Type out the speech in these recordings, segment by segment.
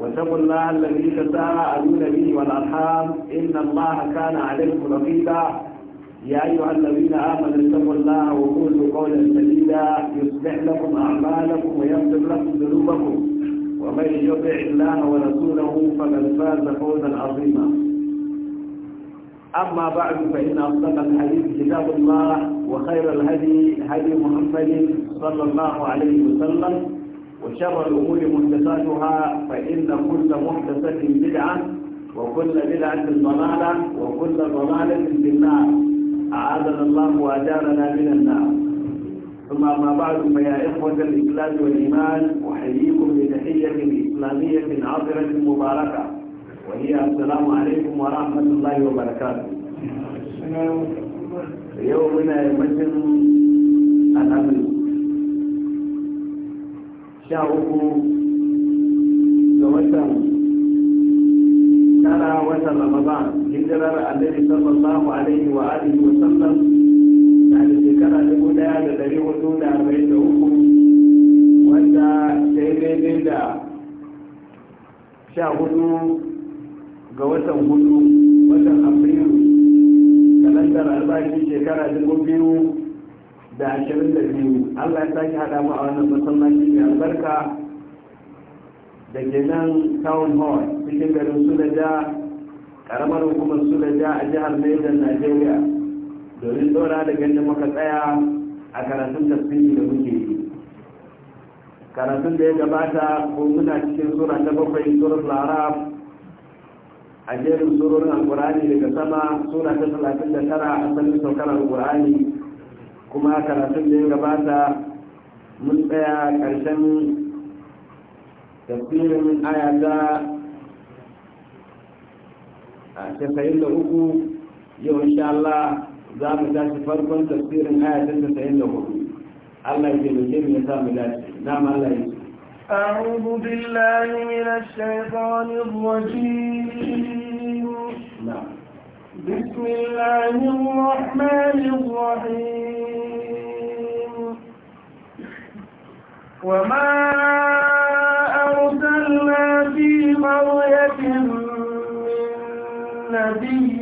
واتقوا الله الذي تساءلون به والارحام ان الله كان عليكم رقيبا يا ايها الذين امنوا اتقوا الله وقولوا قولا سديدا يصلح لكم اعمالكم ويغفر لكم ذنوبكم ومن يطع الله ورسوله فقد فاز فوزا عظيما اما بعد فان اصدق الحديث كتاب الله وخير الهدي هدي محمد صلى الله عليه وسلم وشر الأمور محدثاتها فإن كل محدثة بدعة وكل بدعة ضلالة وكل ضلالة في النار أعاذنا الله وأجارنا من النار ثم ما بعد فيا إخوة الإسلام والإيمان أحييكم بتحية إسلامية عطرة مباركة وهي السلام عليكم ورحمة الله وبركاته يومنا يمثل الأمن sha uku ga watan tara watan ramadan hijirar annabi sallallahu alaihi wa alihi wa sallam na da shekara dubu daya da dari hudu da arba'in da uku wanda ta yi daidai da sha hudu ga watan hudu watan afrilu kalandar albashi shekara dubu biyu da ashirin da biyu allah ya sake hada mu a wannan masallaci mai albarka da ke nan town hall cikin garin sulaja karamar hukumar sulaja a jihar niger nigeria domin dora da ganin maka tsaya a karatun tasiri da muke yi karatun da ya gabata ko muna cikin sura ta bakwai surar larab a jerin surorin alkurani daga sama sura ta talatin da tara a sanin saukar alkurani kuma karatun da ya gabata mun tsaya ƙarshen tafsirin aya ta uku yau Allah za mu tashi farkon tafsirin aya ta hudu Allah ya taimake mu ya sa mu dace na Allah ya أعوذ بالله من الشيطان الرجيم بسم الله الرحمن الرحيم وما أرسلنا في قرية من نبي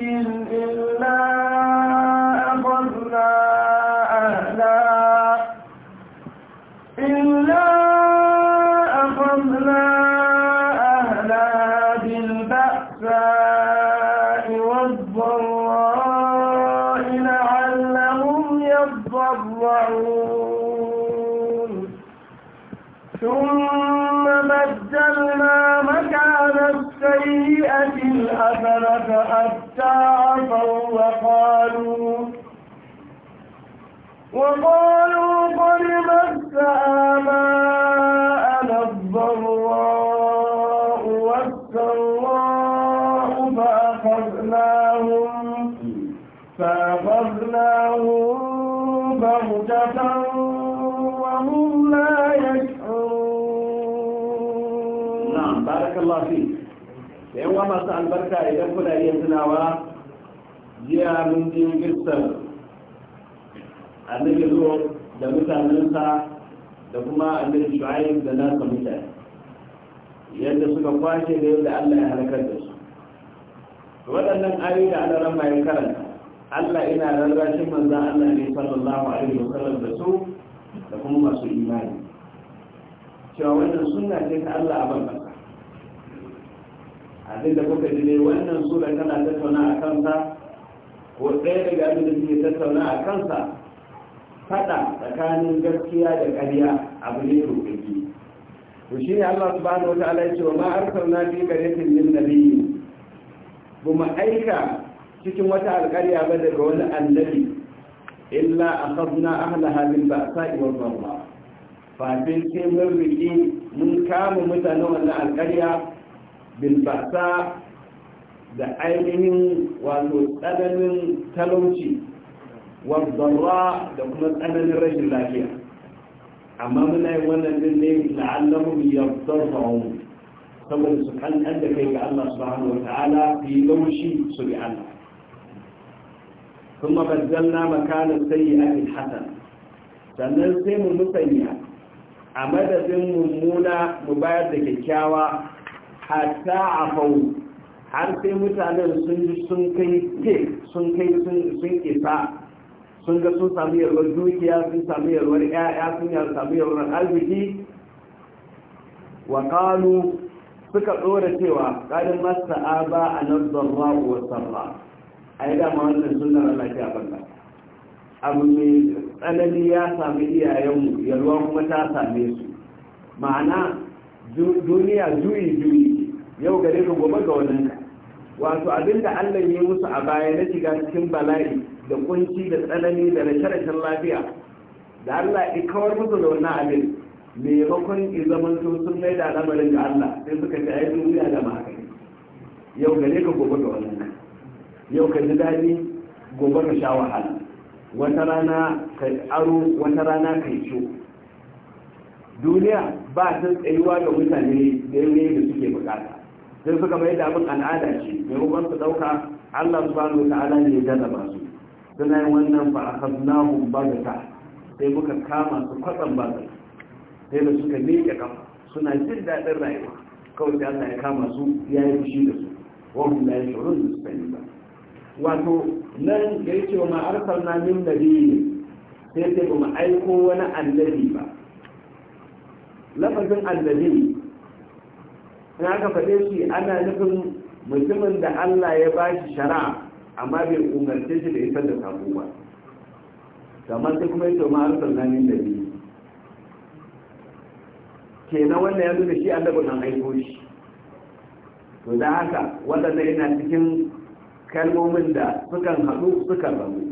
حتى عفوا وقالوا وقالوا قد مس آباءنا الضراء والسراء فأخذناهم فأخذناهم بغتة وهم لا يشعرون نعم بارك الله فيك yan wa masu albarka idan kuna iya tunawa jiya mun ji gistar annabi zo da mutanensa da kuma annabi shu'aib da nasa mutane yadda suka kwashe da yadda Allah ya halakar da su waɗannan ayoyi da Allah ran bayan karanta Allah ina rarrashin manzan Allah ne sallallahu alaihi wasallam da su da kuma masu imani cewa wannan sunna ce ta Allah a bankan abinda kuka ji ne wannan sura tana tattauna a kansa ko ɗaya daga abinda suke tattauna a kansa fada tsakanin gaskiya da ƙarya abu ne rubuki to shi ne Allah subhanahu wa ta'ala ya ce wa ma arsalna fi qaryatin min nabiyyin aika cikin wata alƙarya ba daga wani annabi illa akhadna ahlaha bil a wal dharra fa bin sai mun riki mun kama mutane wannan alƙarya bilbasa da ainihin wato tsananin talauci wanzarwa da kuma tsananin rashin lafiya amma muna yin wannan din ne la'allahum yadharrun saboda su kankan da kai ga Allah subhanahu wa ta'ala fi laushi su bi Allah kuma bazzalna makanan sayyi'atin hasan sannan sai mu musanya a madadin mummuna mu bayar da kyakkyawa hatta afau har sai mutanen sun ji sun kai ke sun kai sun isa sun ga sun sami yalwar dukiya sun sami yalwar ƴaƴa sun sami yalwar arziki wa qalu suka tsora cewa ƙarin masta aba anadalla wa sarra a da ma wannan suna Allah a banda abu mai tsanani ya sami iyayenmu Yalwa kuma ta same su ma'ana duniya juyi juyi yau gare ka gobe ga wannan wato abinda Allah ya musu a baya na shiga cikin bala'i da kunci da tsanani da rashe-rashen lafiya da Allah ya kawar musu da wannan abin maimakon izaman su sun mai da lamarin da Allah sai suka ci ayi duniya da maka yau gare ka gobe ga wannan yau ka ji daɗi gobe ka sha wahala wata rana ka aro wata rana ka yi ciwo duniya ba ta tsayuwa ga mutane da yanayi da suke bukata sai suka mai da abin al'ada ce mai maimakon su ɗauka allah subhanahu wa ta'ala ne ya jarraba su suna yin wannan ba a ba da ta sai muka kama su kwatsan bagata sai da suka miƙe kama suna jin daɗin rayuwa kawai da allah ya kama su ya yi fushi da su na yi shirin da su yi ba wato nan ya ce cewa ma'arsar na min nabi sai sai ba mu aiko wani annabi ba lafazin annabi in aka faɗe shi ana nufin mutumin da Allah ya ba shi shari'a amma bai umarce shi da ita da sako ba kamar sai kuma yake ma'ar sallamin da biyu kenan wannan ya nuna shi annabin nan aiko shi to da haka waɗanda yana cikin kalmomin da sukan haɗu sukan rabu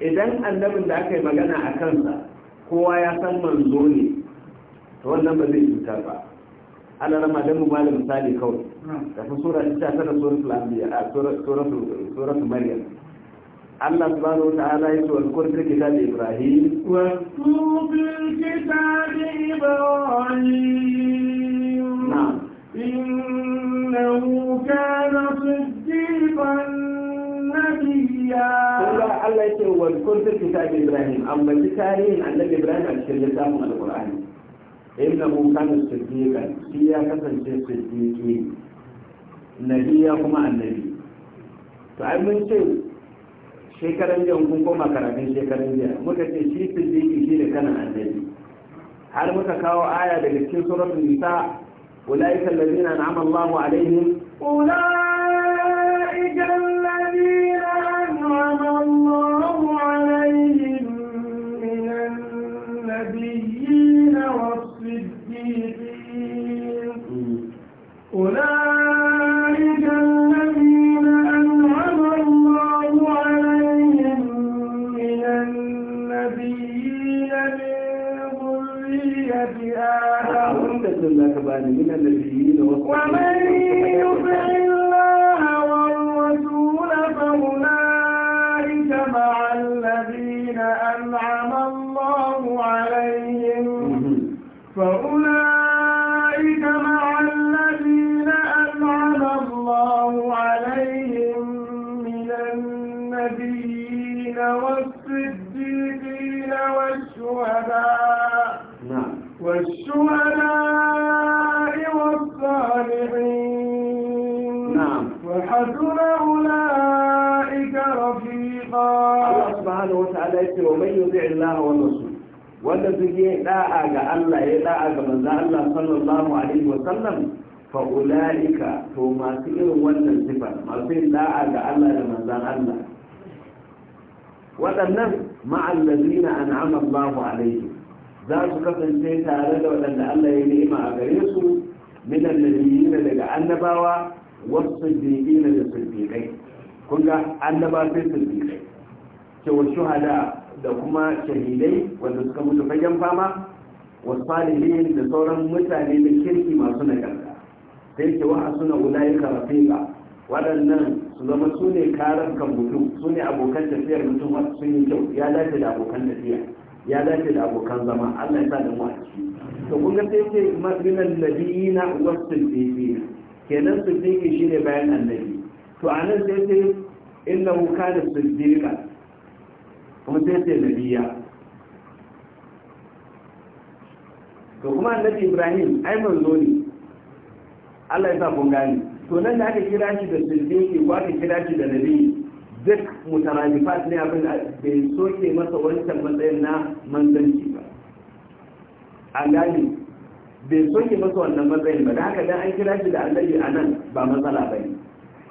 idan annabin da aka yi magana a kansa kowa ya san manzo ne ta wannan ba zai cutar ba ana rama don mu bada misali kawai kafin sura ta tara suratul anbiya a sura suratul maryam Allah subhanahu wa ta'ala ya ce wa kurfil kitab Ibrahim wa Allah yake wa kuntum da Ibrahim amma ji tarihin annabi Ibrahim a cikin littafin Al-Qur'ani innahu kana siddiqan shi ya kasance siddiqi ya kuma annabi to ai mun ce shekaran jiya kun koma karatun shekaran jiya muka ce shi siddiqi shi ne kana annabi har muka kawo aya daga cikin suratul nisa ulaika allazina an'ama Allahu alaihim ulaika ta'ala ya ce wa man yuzi Allah wa rasul wanda duk ya da'a ga Allah ya da'a ga manzo Allah sallallahu alaihi wa sallam fa ulaika to masu irin wannan sifa masu yin da'a ga Allah da manzo Allah waɗannan ma'allazina an'ama Allah alaihi za su kasance tare da waɗanda Allah ya nema a gare su min annabiyina daga annabawa wasu siddiqina da siddiqai kun ga annaba sai siddiqai cewa shuhada da kuma shahidai wanda suka mutu fagen fama wasu salihin da sauran mutane da kirki masu nagarta sai ce wa suna ulayika ba waɗannan su zama su ne karar kan mutum su ne abokan tafiyar mutum wasu sun yi kyau ya dace da abokan tafiya ya dace da abokan zama Allah ya sa da mu to kun ga sai ce madinal nabiyina wasiddiqina kenan shi ne bayan annabi to a nan sai ce da su siddiqan kuma sai sai nabiya to kuma annabi ibrahim ai manzo ne Allah ya sa kun gane to nan da aka kira shi da siddiqi ko aka kira shi da nabi duk mutarajifat ne abin da bai soke masa wancan matsayin na manzanci ba an gane bai soke masa wannan matsayin ba da haka dan an kira shi da annabi a nan ba matsala ba ne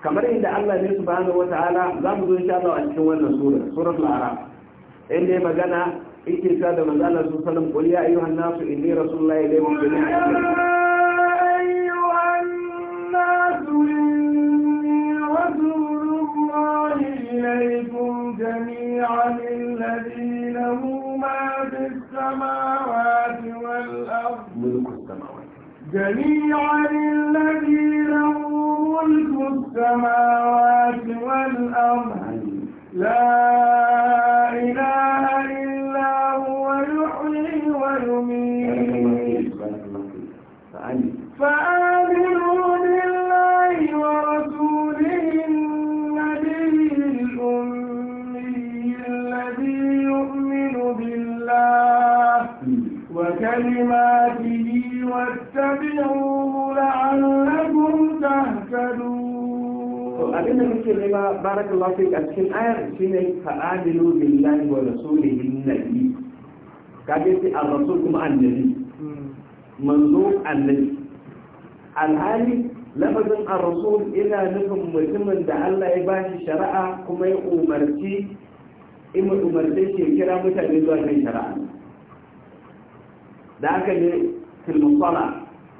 kamar inda Allah ne subhanahu wataala za mu zo insha Allah a cikin wannan sura suratul araf إني مجانا إتي سادة من الله صلى الله عليه وسلم قل يا أيها الناس إني رسول الله إليه ممكن أيها الناس إني رسول الله إليكم جميعا الذي له ما السماوات والأرض جميعا الذي له ملك السماوات والأرض لا إله إلا هو يحيي ويميت فآمنوا بالله ورسوله النبي الأمي الذي يؤمن بالله وكلماته واتبعوه لعلكم تهتدون abin da muke nema barakallahu fik a cikin ayar shine fa'adilu billahi wa rasulihi nabi kage sai a rasul kuma annabi manzo annabi alhali lafazin a rasul ina nufin mutumin da Allah ya bashi shari'a kuma ya umarci in umarci ke kira mutane zuwa kan shari'a da aka ne filmusala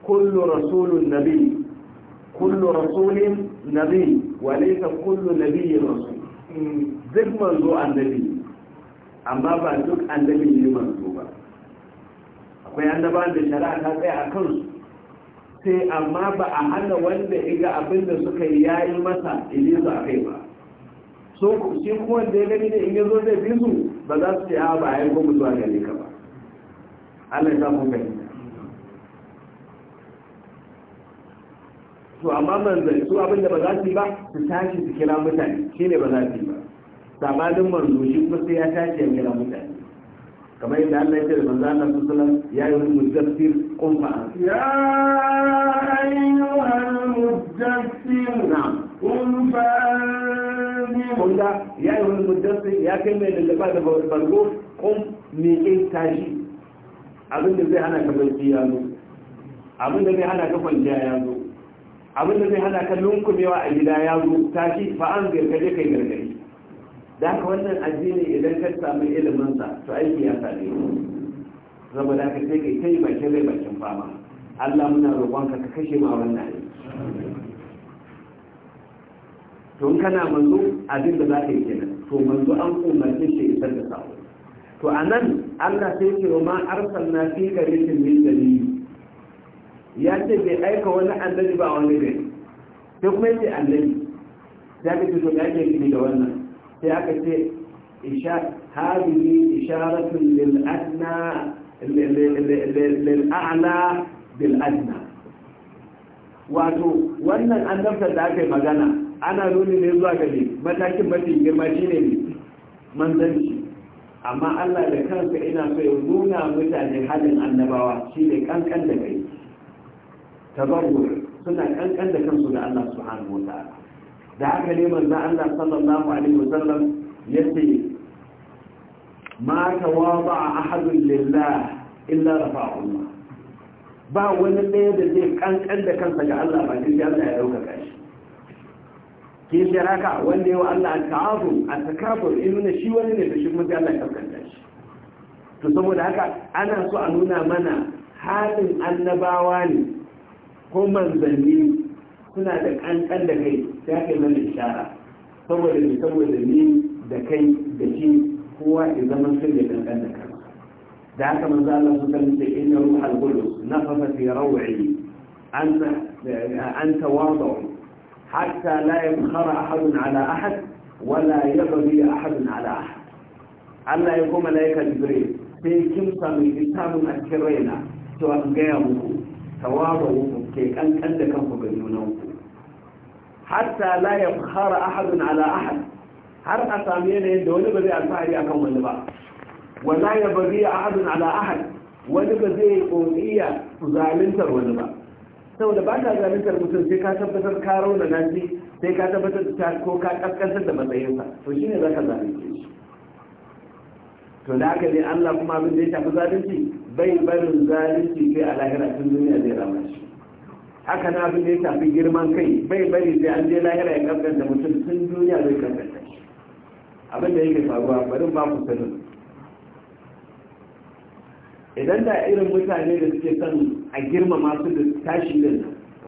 kullu rasulun nabi kullu rasulin nabi walaisa kullu nabiyyi rasul duk manzo annabi amma ba duk annabi ne manzo ba akwai annabawan da shari'a ta tsaya a kansu sai amma ba a hana wanda iga abin da suka yi yayi masa ile su a kai ba so shi kuma wanda ya gani ne in ya zo zai bi su ba za su ce a ba a yi ko mutuwa gare ka ba Allah ya sa mu gani to amma manzan su abin da ba za su yi ba su tashi su kira mutane shi ne ba za su yi ba sabanin manzo shi kuma sai ya tashi ya kira mutane kamar yadda Allah ya da manzo Allah su sallam ya yi wani mujaffir kumfa ya ya yi ya kum tashi abin da zai hana ka barci ya ya zo abin da zai hana ka lunkumewa a gida ya zo tashi fa an gargaje kai gargari da haka wannan addini idan ka samu ilimin sa to aiki ya same mu zama da ka sai kai kai bakin rai bakin fama Allah muna roƙonka ka kashe ma wannan to in kana manzo abin da za ka yi kenan to manzo an umarce shi isar da sako to anan Allah sai ce ma arsalna fi qaryatin min dalil ya ce bai aika wani annabi ba wani ne sai kuma yace annabi ya aka ce to ya ke gini da wannan sai aka ce hadihi isharatun lil adna lil a'la bil adna wato wannan annabtar da aka yi magana ana nuni ne zuwa gari matakin mafi girma shine ne manzanci amma Allah da kansa ina so ya nuna mutane halin annabawa shi ne kankan da kai tabarru suna kankan da kansu da Allah subhanahu wa ta'ala da haka ne manzo Allah sallallahu alaihi wasallam yace ma tawaba ahadun lillah illa rafa'ahu Allah ba wani ɗaya da zai kankan da kansa ga Allah ba sai Allah ya dauka shi ke shi haka wanda yau Allah ta'azum at-takabur in shi wani ne da shi kuma sai Allah ya kankanta shi to saboda haka ana so a nuna mana halin annabawa ne ko manzanni suna da kankan da kai sai aka yi mana ishara saboda ni saboda ni da kai da shi kowa ya zama sun da kankan da kai da haka manzo Allah su kan ce inna ruhal qudus nafasa fi raw'i anta anta wadu hatta la yabkhara ahadun ala ahad wala yabghi ahadun ala ahad Allah ya koma malaika jibril sai kin samu kitabun a cikin raina to an gaya muku tawadu ke kankan da kanku ga junanku hatta la yabkhara ahadun ala ahad har a sami yanayin da wani ba zai alfahari akan wani ba wala ya bari ahadun ala ahad wani ba zai kokiya zaluntar wani ba saboda ba ka zaluntar mutum sai ka tabbatar ka rauna nasi sai ka tabbatar da ko ka kaskantar da matsayinsa to shine za ka zalunce shi to da haka ne Allah kuma abin da ya shafi zalunci bai barin zalunci sai a lahira tun duniya zai rama shi haka na abin da ya tafi girman kai bai bari sai an je lahira ya da mutum tun duniya zai kaskanta shi abin da yake faruwa bari ba ku sani idan da irin mutane da suke son a girmama su da tashi din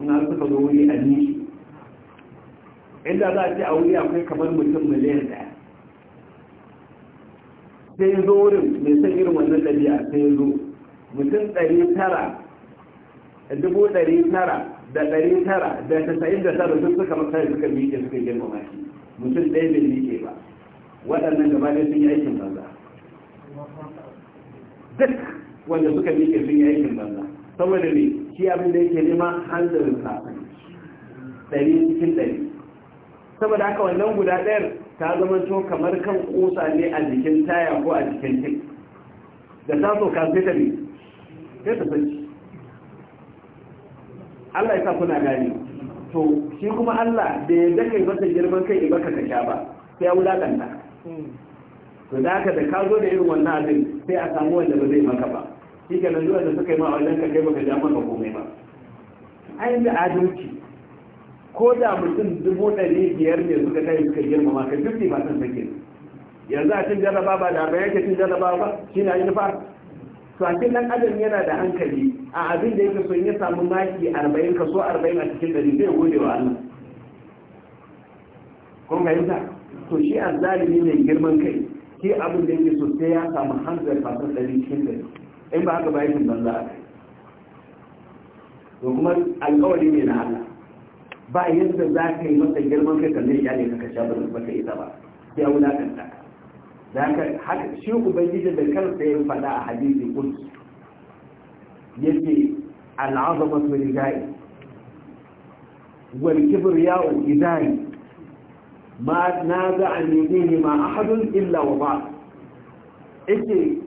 in an suka zo wuri a nishi inda za a ce a wuri akwai kamar mutum miliyan ɗaya sai zo wurin mai son irin wannan ɗabi'a sai zo mutum ɗari tara dubu ɗari tara da ɗari tara da tasa'in da tara duk suka masa suka miƙe suka girmama shi mutum ɗaya bai miƙe ba waɗannan gaba ɗaya sun yi aikin banza duk wanda suka miƙe sun yi aikin banza saboda ne shi abin da yake nema hanzarin sa ɗari cikin ɗari saboda haka wannan guda ɗayar ta zama to kamar kan ƙusa ne a jikin taya ko a jikin tik da ta so ka sai ta ne sai ta sanci Allah ya sa kuna gani to shi kuma Allah da ya daka yi masa girman kai baka ka sha ba sai ya wulakanta to da haka da ka zo da irin wannan abin sai a samu wanda ba zai maka ba shi ke nan zuwa da suka yi ma wannan ka kai baka ja maka komai ba ai da adalci ko da mutum dubu ɗari biyar ne suka kai suka girmama ka duk ba san sake yanzu a cin jarraba ba da bayan cin jarraba ba shi na yi nufa to a cikin ɗan adam yana da hankali a abin da yake so ya samu maki arba'in kaso arba'in a cikin dari zai gode wa Allah kun fahimta to shi azzalimi mai girman kai ke abin da yake so sai ya samu hanzar fasar dari cikin dari in ba haka ba yakin banza a kai to kuma alƙawari ne na Allah ba yadda za ka yi masa girman kai kan zai kyale ka kasha ba ba ka isa ba ya wulakanta ka da haka shi ubangiji da kansa ya faɗa a hadisi kudus yake al'azamatu ridai wal kibriya'u idai ma naza'a min ma a ahadun illa wa ba ake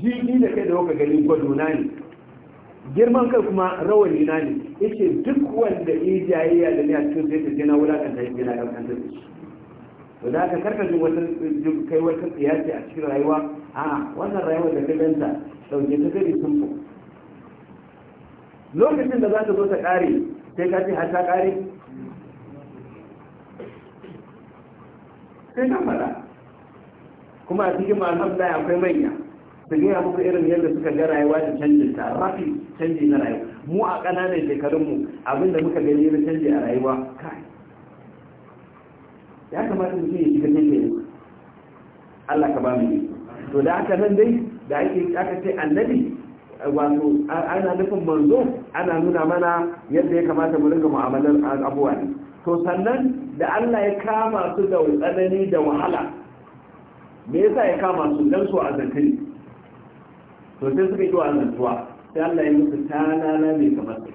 jini da kai da waka gani gwado na ne girman kai kuma rawani na ne ake duk wanda yi jayayya da ni a cikin zai tafi na wulakanta yake na kankantar da shi to da aka karkashin wata kai wata tsiyaci a cikin rayuwa a wannan rayuwar da ka ganta sauke ta gari sun fi lokacin da za ta zo ta ƙare sai ka ce har ta kare sai ta fara kuma a cikin ma'anar ya akwai manya su ya muku irin yadda suka ga rayuwa da canjin ta rafi canji na rayuwa mu a ƙananan shekarunmu abinda muka gani na canji a rayuwa kai ya kamata mutum ya shiga ne Allah ka ba mu to da aka nan dai da ake aka ce annabi wato ana nufin manzo ana nuna mana yadda ya kamata mu ringa mu'amalar abuwa ne to sannan da Allah ya kama su da tsanani da wahala me yasa ya kama su dan su azanta ne to sai suka yi azantuwa sai Allah ya musu tanana mai kamar su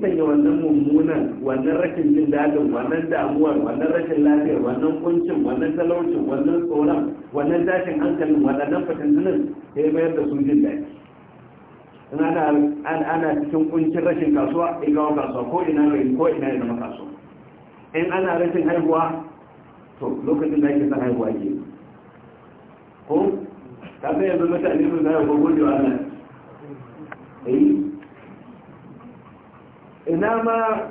sai ya wannan mummunan wannan rashin jin dadin wannan damuwar wannan rashin lafiyar wannan kuncin wannan talaucin wannan tsoron wannan dashin hankalin waɗannan fitintunin sai mayar da su jin daɗi ana cikin kuncin rashin kasuwa in kasuwa ko ina rai ko ina ya zama kasuwa in ana rashin haihuwa to lokacin da yake san haihuwa ke ko ta sai yanzu mutane sun zai ko gudu a nan ina ma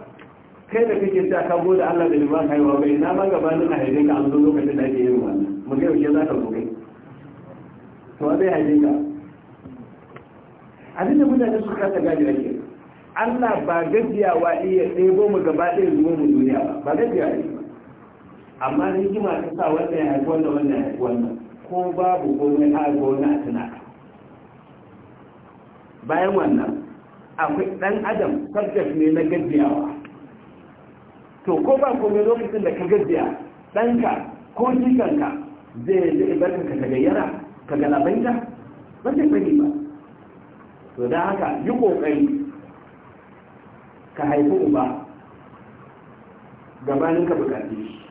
kai da kake ta ka gode Allah da liman haihuwa ba ina ma gabanin a haife ka an zo lokacin da ake yin wannan mu ga yaushe za ka zo kai to zai haife ka abin da mutane su kasa da ke, Allah ba gajiya wa iya ɗebo mu gaba ɗaya zuwa mu duniya ba ba gajiya ne amma hikima ta sa wannan ya haifi wannan wannan ya haifi wannan ko babu komai a wani a tana bayan wannan akwai ɗan adam subject ne na gajiyawa to ko ba komai lokacin da ka gajiya ɗanka ko jikanka zai zai barka ka gayyara ka galabaita ba zai fahimta to da haka yi kokari ka haifi uba gabanin ka bukace shi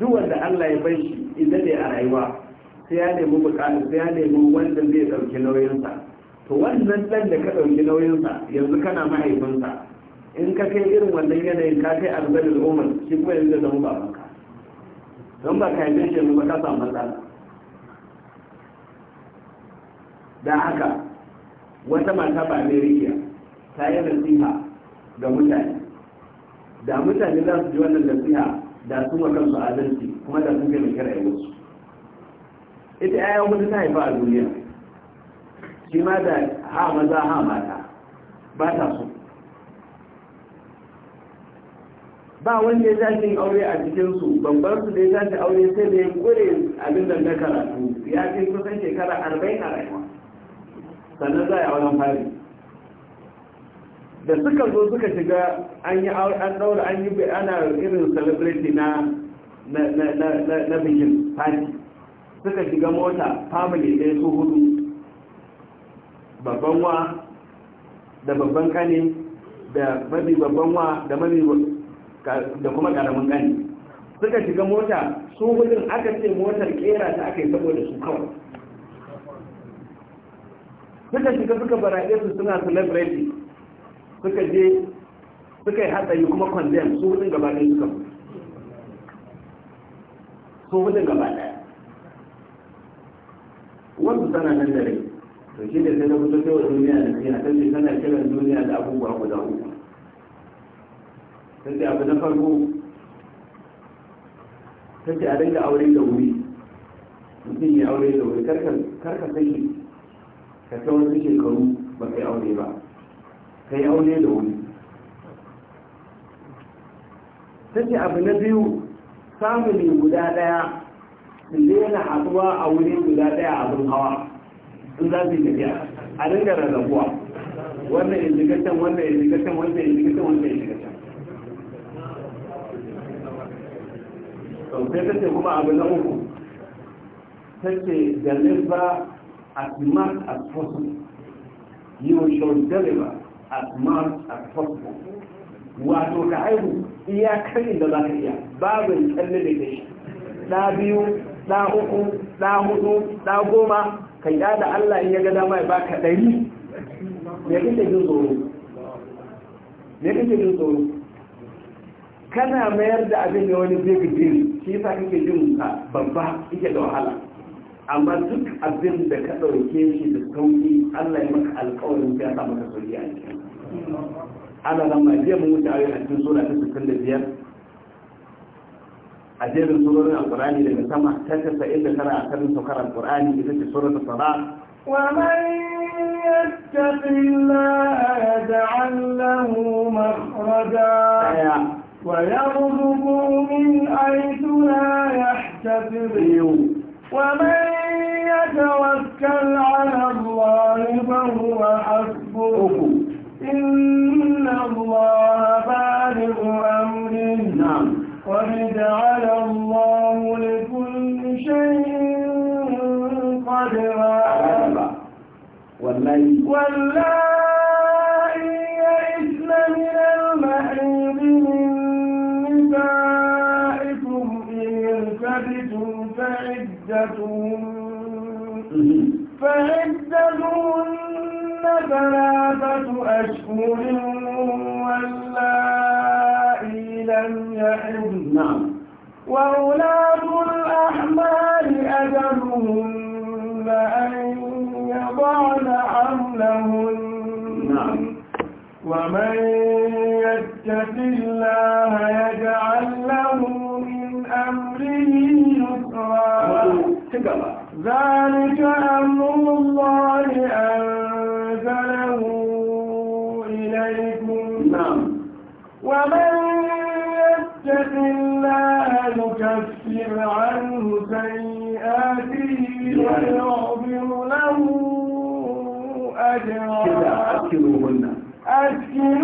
duk wanda Allah ya bai shi idan ne a rayuwa sai ya nemi bukatu sai ya nemi wanda zai ɗauki nauyinsa to wannan ɗan da ka ɗauki nauyinsa yanzu kana mahaifinsa in ka kai irin wannan yanayin ka kai arzikin umar shi kuma yanzu da zama babanka don ba ka yi shi yanzu ba ka samu matsala don haka wata mata ba amerika ta yi nasiha ga mutane da mutane za su ji wannan nasiha da su wa kansu adalci kuma da sun yawon su. ita ya mutu ta haifa a duniya shi ma da ha maza ha mata ba ta so ba wanda ya zafi aure a cikinsu babban su da ya zafi aure sai da ya kure abin da na karatu ya ce kusan shekara arba'in a rayuwa sannan za a yi auren fari da suka zo suka shiga an yi an daura an yi ana irin celebrity na na bikin fari suka shiga mota family ɗaya su hudu babban wa da babban kane da mabi babban wa da mabi da kuma karamin kane suka shiga mota su hudun aka ce motar kera ta aka yi saboda su kawai suka shiga suka baraɗe su suna celebrity suka je suka yi hatsari kuma condemn su hudun gaba ɗaya suka su hudun gaba ɗaya wanda tana nan da rai to shi da sai na fito sai wa duniya da siya ta ce tana kiran duniya da abubuwa guda uku ta ce abu na farko ta ce a dinga aure da wuri mutum ya aure da wuri karka sai ka ta wasu shekaru ba ka yi aure ba ka yi aure da wuri ta ce abu na biyu famili guda daya su daina haɗuwa a wuri guda daya abin hawa in za su yi tafiya a dinga rarrabuwa wannan indikatan wannan indikatan wannan indikatan wannan indikatan sau sai ta ce kuma abu na uku ta ce da nisba as much as possible. You should deliver as much as possible. Wato ka aihu iya kanin da za ka iya babin tsalle da kai ɗa biyu, ɗa uku, ɗa hudu, ɗa goma, ka yi da Allah in ya ga dama ya baka ɗari. Me kake jin tsoro? Me kake jin tsoro? Kana mayar da abin da wani zai gaji, shi yasa kake jin babba, yake da wahala. amma duk abin da ka ɗauke shi da sauki Allah ya maka alƙawarin ya sa maka sauki a cikin ana nan ma jiya mun wuce ayoyi a cikin sura ta sittin da biyar a jerin surorin alƙur'ani daga sama ta tasa'in inda tara a karin saukar alƙur'ani ita ce surat sara ومن يتق الله يجعل له مخرجا ويرزقه من حيث لا يحتسب ومن يتوكل على الله فهو حسبه إن الله بالغ أمره قد جعل الله لكل شيء قدرا والله ثلاثة أشهر واللائي لم يحضن نعم وأولاة الأحمال أجلهن أن يضعن حملهن نعم ومن يتق الله يجعل له من أمره يسرا ذلك أمر الله أن رسوله إليكم نعم ومن يتق الله يكفر عنه سيئاته ويعظم له أجرا أسكنوهن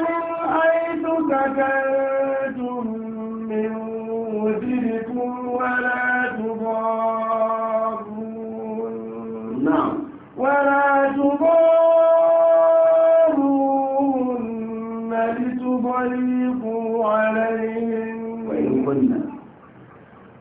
من حيث تكلم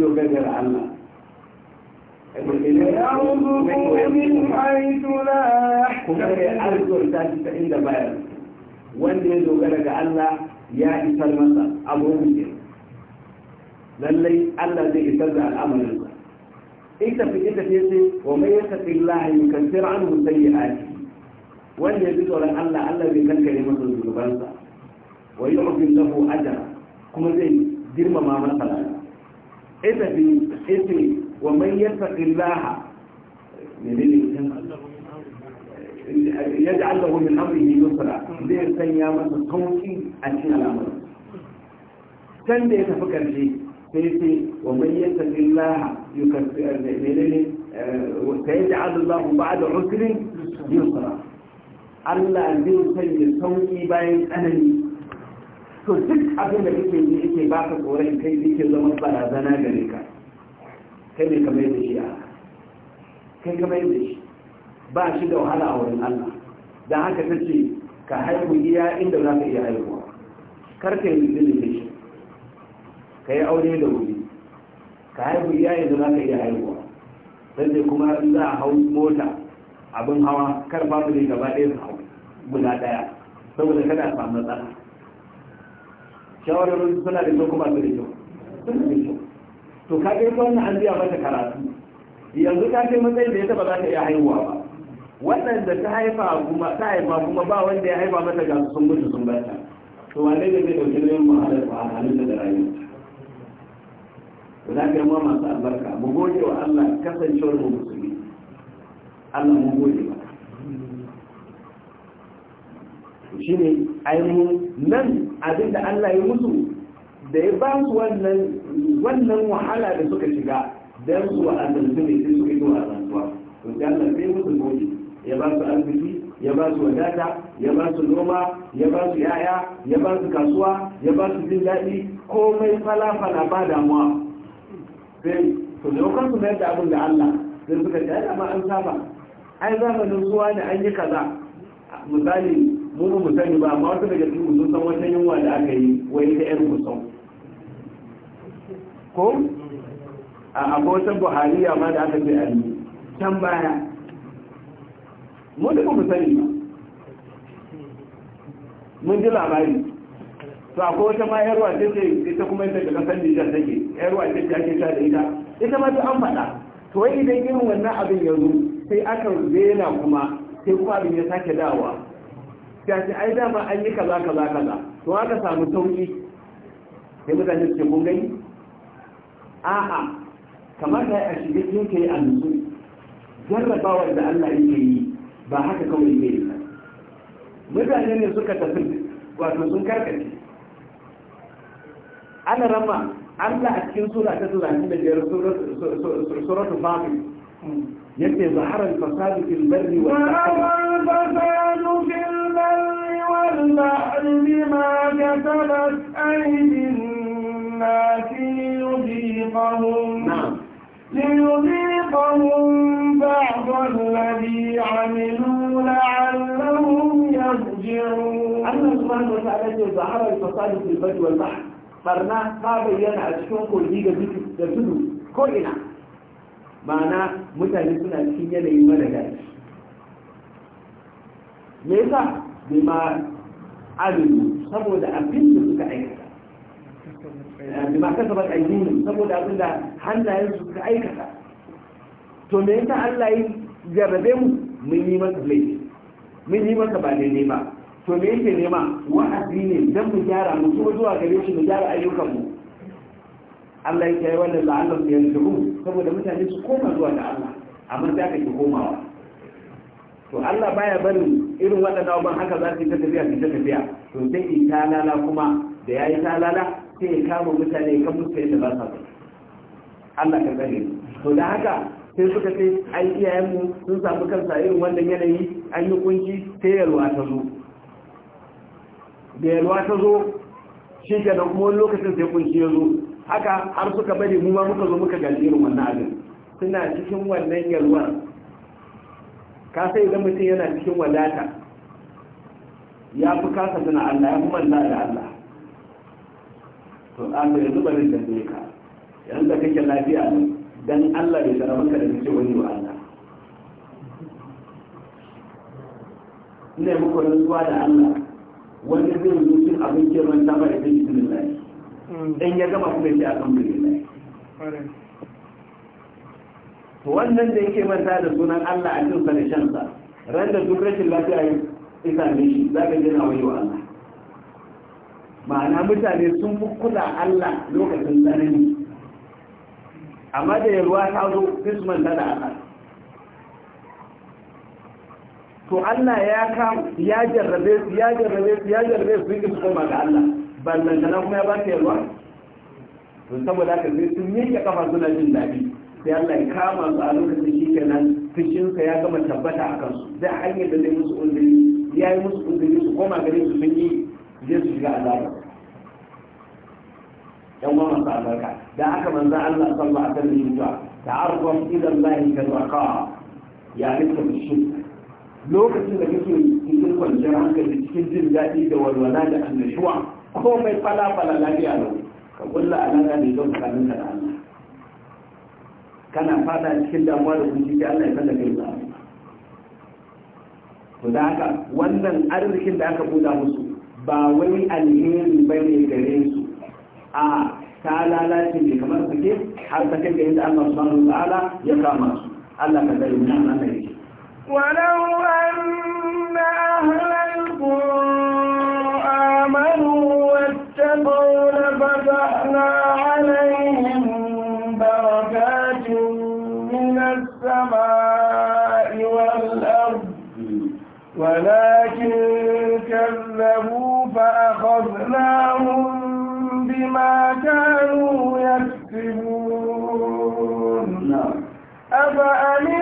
dogagar Allah يرزقه من حيث لا يحتسب wanda ya dogara ga Allah ya isar masa abubuwan ke lallai Allah zai isar da al'amarinsa in tafi in tafi yace wa mai ya tafi Allah ya kansir an musayi aji wanda ya bi tsoron Allah Allah zai kankare masa zunubansa wa yi ofin lahu ajara kuma zai girmama masa lada ita bi ita wa man yattaqillaha menene yadda Allah wani amri ne yusra zai sanya masa sauki a cikin al'amuran san da ya tafi karshe sai sai wa man yattaqillaha yukaffir menene eh, wa sayaj'alu ba da usrin yusra Allah zai sanya sauki bayan tsanani to duk abin da kake yi yake baka tsoron kai yake zama barazana gare ka kai ne kamar da shi a kai kamar da shi ba shi da wahala a wurin Allah da haka ta ce ka haihu iya inda za ka iya haihuwa kar ka yi zini da shi ka yi aure da wuri ka haihu iya inda za ka iya haihuwa sai dai kuma za a hau mota abin hawa kar babu ne gaba ɗaya su hau guda ɗaya saboda kada samu matsala shawarar suna da kuma su da kyau to ka ga wannan an mata karatu yanzu ta kai matsayin da ya taba za ta iya haihuwa ba waɗanda ta haifa kuma ta haifa kuma ba wanda ya haifa mata ga sun mutu sun bata to wanne ne zai dauki nauyin muhalar ba halin da rayuwa to da kai ma masu albarka mu gode wa Allah kasancewar mu musulmi Allah mu gode ne ainihin nan abin da Allah ya musu da ya ba su wannan wahala da suka shiga don su wa azantu ne sai suka yi wa azantuwa to sai Allah sai musu goji ya ba su arziki ya ba su wadata ya ba su noma ya ba su yaya ya ba su kasuwa ya ba su jin daɗi komai fala-fala ba damuwa sai to lokacin su mayar da abin da Allah sai suka ce ai amma an saba ai zamanin zuwa da an yi kaza misali mu mu sani ba amma wasu daga cikin sun san wata yunwa da aka yi wani ta yan san ko a abotan buhari ma da aka ce a yi can baya mu da mu sani ba mun ji labari to akwai wata ma yarwa ce ce ita kuma ita daga san Nijar take yarwa ce ce ake sha da ita ita ma ta an faɗa to wai idan irin wannan abin ya zo sai aka rena kuma sai kuma abin ya sake dawa sai ce ai dama an yi kaza kaza kaza to aka samu sauki sai mutane su ce kun gani a'a da a shige cikin kai a nutsu jarrabawar da Allah yake yi ba haka kawai ne ba mutane ne suka tafi wato sun karkace ana rama Allah a cikin sura ta 35 suratul fatir yace zaharar fasadu fil barri wa wal bahri والبحر بما كسبت أيدي الناس ليذيقهم ليذيقهم بعض الذي عملوا لعلهم يرجعون الله سبحانه وتعالى ظهر الفساد في البر والبحر barna ta bayyana a cikin kogi da tudu ko ina ma'ana mutane suna cikin yanayi mara gashi me yasa bima abin saboda abin da suka aikata eh, bima kasabat aydihim saboda abin da hannayen su suka aikata to me yasa Allah ya jarrabe mu mun yi masa laifi mun yi masa ba daidai ba to me yake nema wa'azi ne dan mu gyara mu kuma zuwa gare shi mu gyara ayyukan mu Allah ya yi wannan la'allahu yanzuhu saboda mutane su koma zuwa da Allah amma da aka ke komawa to Allah baya barin irin waɗannan abubuwan haka za su yi ta tafiya su ta tafiya to sai in ta lala kuma da ya yi ta lala sai ya kama mutane kan musu yadda ba sa Allah ka gani. to da haka sai suka ce ai iyayenmu sun samu kansa irin wannan yanayi an yi kunci sai yalwa ta zo da yalwa ta zo shi ke da kuma wani lokacin sai kunci ya zo haka har suka bari mu ma muka zo muka gani irin wannan abin suna cikin wannan yalwar ka sai idan mutum yana cikin wadata ya fi kasa tuna Allah ya fi manna da Allah to an da yanzu bari da zai ka yanzu da kake lafiya ne dan Allah bai tsara maka da kake wani wa Allah ina muku rantsuwa da Allah wani zai yi cikin abin kiran ta ba da kake cikin lafiya in ya gama kuma ya ce a kan bin lafiya to wannan da yake manta da sunan Allah a cikin sanashin sa ran da duk rashin lafiya ya ne shi za ka jira wani wa Allah ma'ana mutane sun fi kula Allah lokacin tsanani amma da yalwa ta zo kisman manta da Allah to Allah ya ka ya jarrabe su ya jarrabe su ya jarrabe su yake su koma ga Allah ballan kana kuma ya ba ta yalwa to saboda haka sai sun yanke kafa suna jin daɗi sai Allah ya kama su a lokacin shi kenan fushinsa ya gama tabbata a kansu da hanyar da zai musu undiri ya yi musu undiri su koma gare su sun yi zai su shiga azaba yan uwa masu albarka da haka manzo Allah sallallahu alaihi wasallam ya ta'arraf ila Allah ka taqa ya rika fushi lokacin da kake cikin kwanciyar hankali cikin jin daɗi da walwala da annashuwa komai fala fala lafiya lau ka kulla alaka da yau tsakaninka da Allah kana fada cikin damuwa da kunci sai Allah ya san da kai ba to da haka wannan arzikin da aka buda musu ba wani alheri bane gare su a ta lalace ne kamar suke har ta kai yadda Allah subhanahu wa ta'ala ya kama su Allah ka zai mu nan Allah yake ahlal qura ولكن كذبوا فأخذناهم بما كانوا يكسبون نعم. أفأمين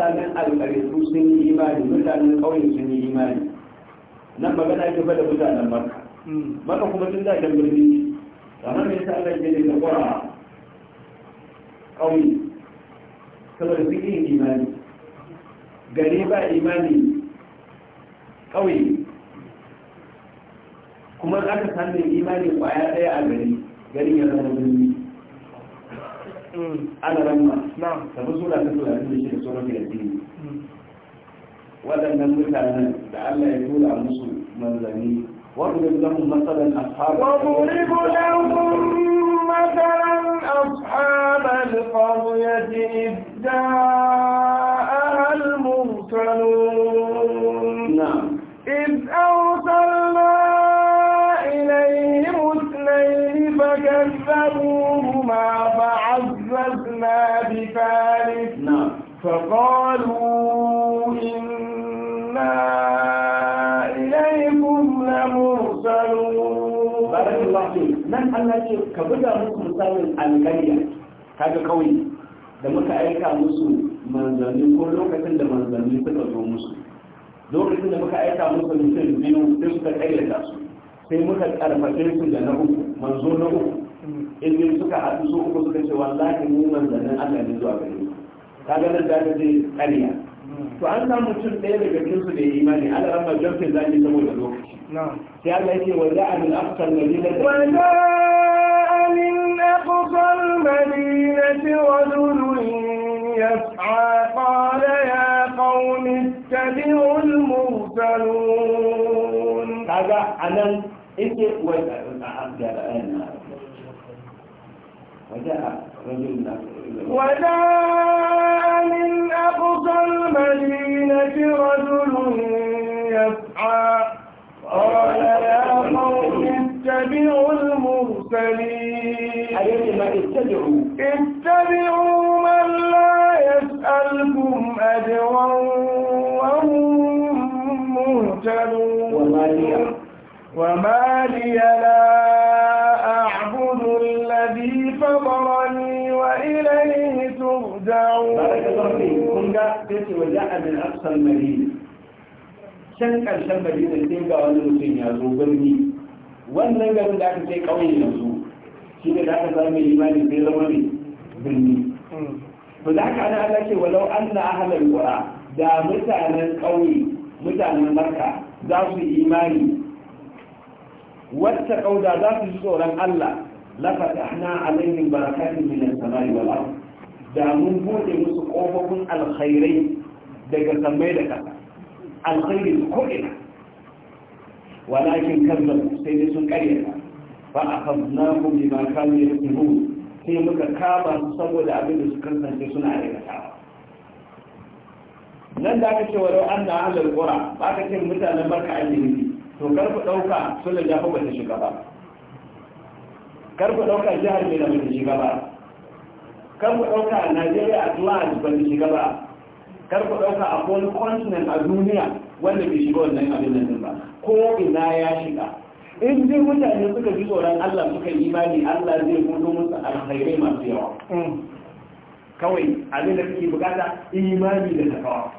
mutanen alƙaritu sun yi imani mutanen ƙauyen sun yi imani nan magana ke bada mutanen maka maka kuma tun da kan birni kamar mai sa Allah ke da kwara ƙauye saboda sun yi imani gari ba imani ƙauye kuma aka samu imani kwaya ɗaya a gari garin ya zama birni mm. ana ramma na tabi sura ta 30 cikin tsoron yadini waɗannan mutanen da Allah ya tura musu manzanni واضرب لهم مثلا أصحاب واضرب لهم مثلا أصحاب القرية إذ جاءوا فقالوا إنا إليكم لمرسلون بارك الله فيك من الله فيك كبدا مكم سامن القرية هذا قوي da muka aika musu manzanni ko lokacin da manzanni suka zo musu lokacin da muka aika musu mutum biyu sai suka kayyata su sai muka karfafe su da na uku manzo na uku inda suka haɗu su uku suka ce wallahi mu manzannin Allah ne zuwa gare mu kaga nan da ka je ƙarya to an samu mutum ɗaya daga cikin su da ya imani ala ramma jamfin zaki saboda lokaci sai Allah yake wa za'a min aqsal madina wa za'a min aqsal madina rajulun yas'a qala ya qaumi ittabi'u al-mursalun kaga anan yake wa za'a rajulun وجاء من أقصى المدينة رجل يسعى قال يا قوم اتبعوا المرسلين اتبعوا من لا يسألكم أجرا وهم مهتدون وما لي لا الذي فطرني وإليه ترجعون بارك الله فيك كن جاء وجاء من أقصى المدينة can ƙarshen madina sai ga wani mutum ya zo birni wannan garin da aka sai ƙauye yanzu shi ne da aka zama mai imani zama mai birni ba za ka ana ala ce walau an na da mutanen ƙauye mutanen marka za su imani wata ƙauda za su ji tsoron allah lafatahna alaihim barakatin min as-samai wal ard da mun bude musu ƙofofin alkhairai daga samai da kasa alkhairi ko ina walakin kazzabu sai dai sun Ba a ku bi akhadnahum bima kanu yakfurun sai muka kama su saboda abin da su kasance suna aikatawa nan da aka ce wa lau an na ahalar ƙura ba ka ce mutanen barka ake nufi to karfi ɗauka sun da jafa ba ta shiga ba kar ku ɗauka jihar mai da ba ta shiga ba kar ɗauka najeriya at large ba ta shiga ba kar ɗauka a wani continent a duniya wanda bai shiga wannan abin nan ba ko ina ya shiga in ji mutane suka ji tsoron Allah suka imani Allah zai hudu musu alkhairai masu yawa mm. kawai abin da kake bukata imani da takawa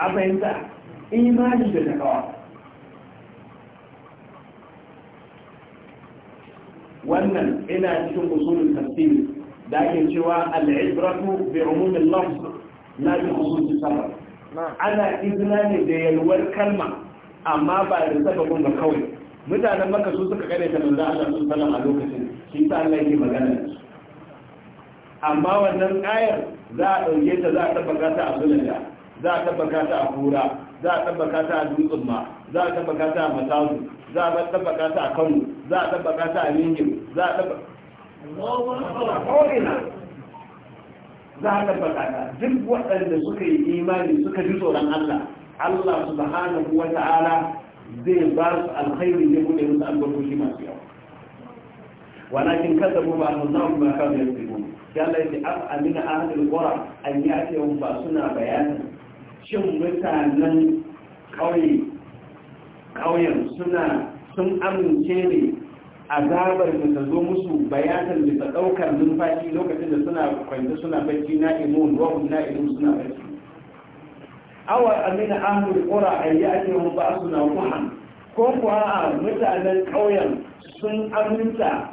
a fahimta imani da takawa wannan ina cikin usulun tafsiri da ake cewa al'ibratu bi umumin lafz na bi usulun sabab ana izina ne da yalwar kalma amma ba da sababin ba kawai mutanen maka su suka kare ta manzo Allah sun sallam a lokacin shi ta Allah yake magana amma wannan ayar za a dauke ta za a tabbata ta a zulalla za a tabbata ta a kura za a tabbaka ta a dutsen ma za a tabbaka ta a matazu za a tabbaka ta a kano za a tabbaka ta a ningin za a tabbaka za a tabbaka ta duk waɗanda suka yi imani suka ji tsoron Allah Allah subhanahu wa ta'ala zai ba su alkhairi ne bude musu albarkoshi masu yawa walakin kazzabu ba su zama ba kan yadda ya Allah ya ce amina ahlul qura an ya'tihum ba suna bayanin shin mutanen ƙauyen suna sun amince ne azabar da ta zo musu bayatar da ta ɗaukar numfashi lokacin da suna kwanta suna bacci na imun ruwan na imun suna bacci awa amina ahmur ƙura a yi ake mun ba su na kuhan ko kuwa a mutanen ƙauyen sun aminta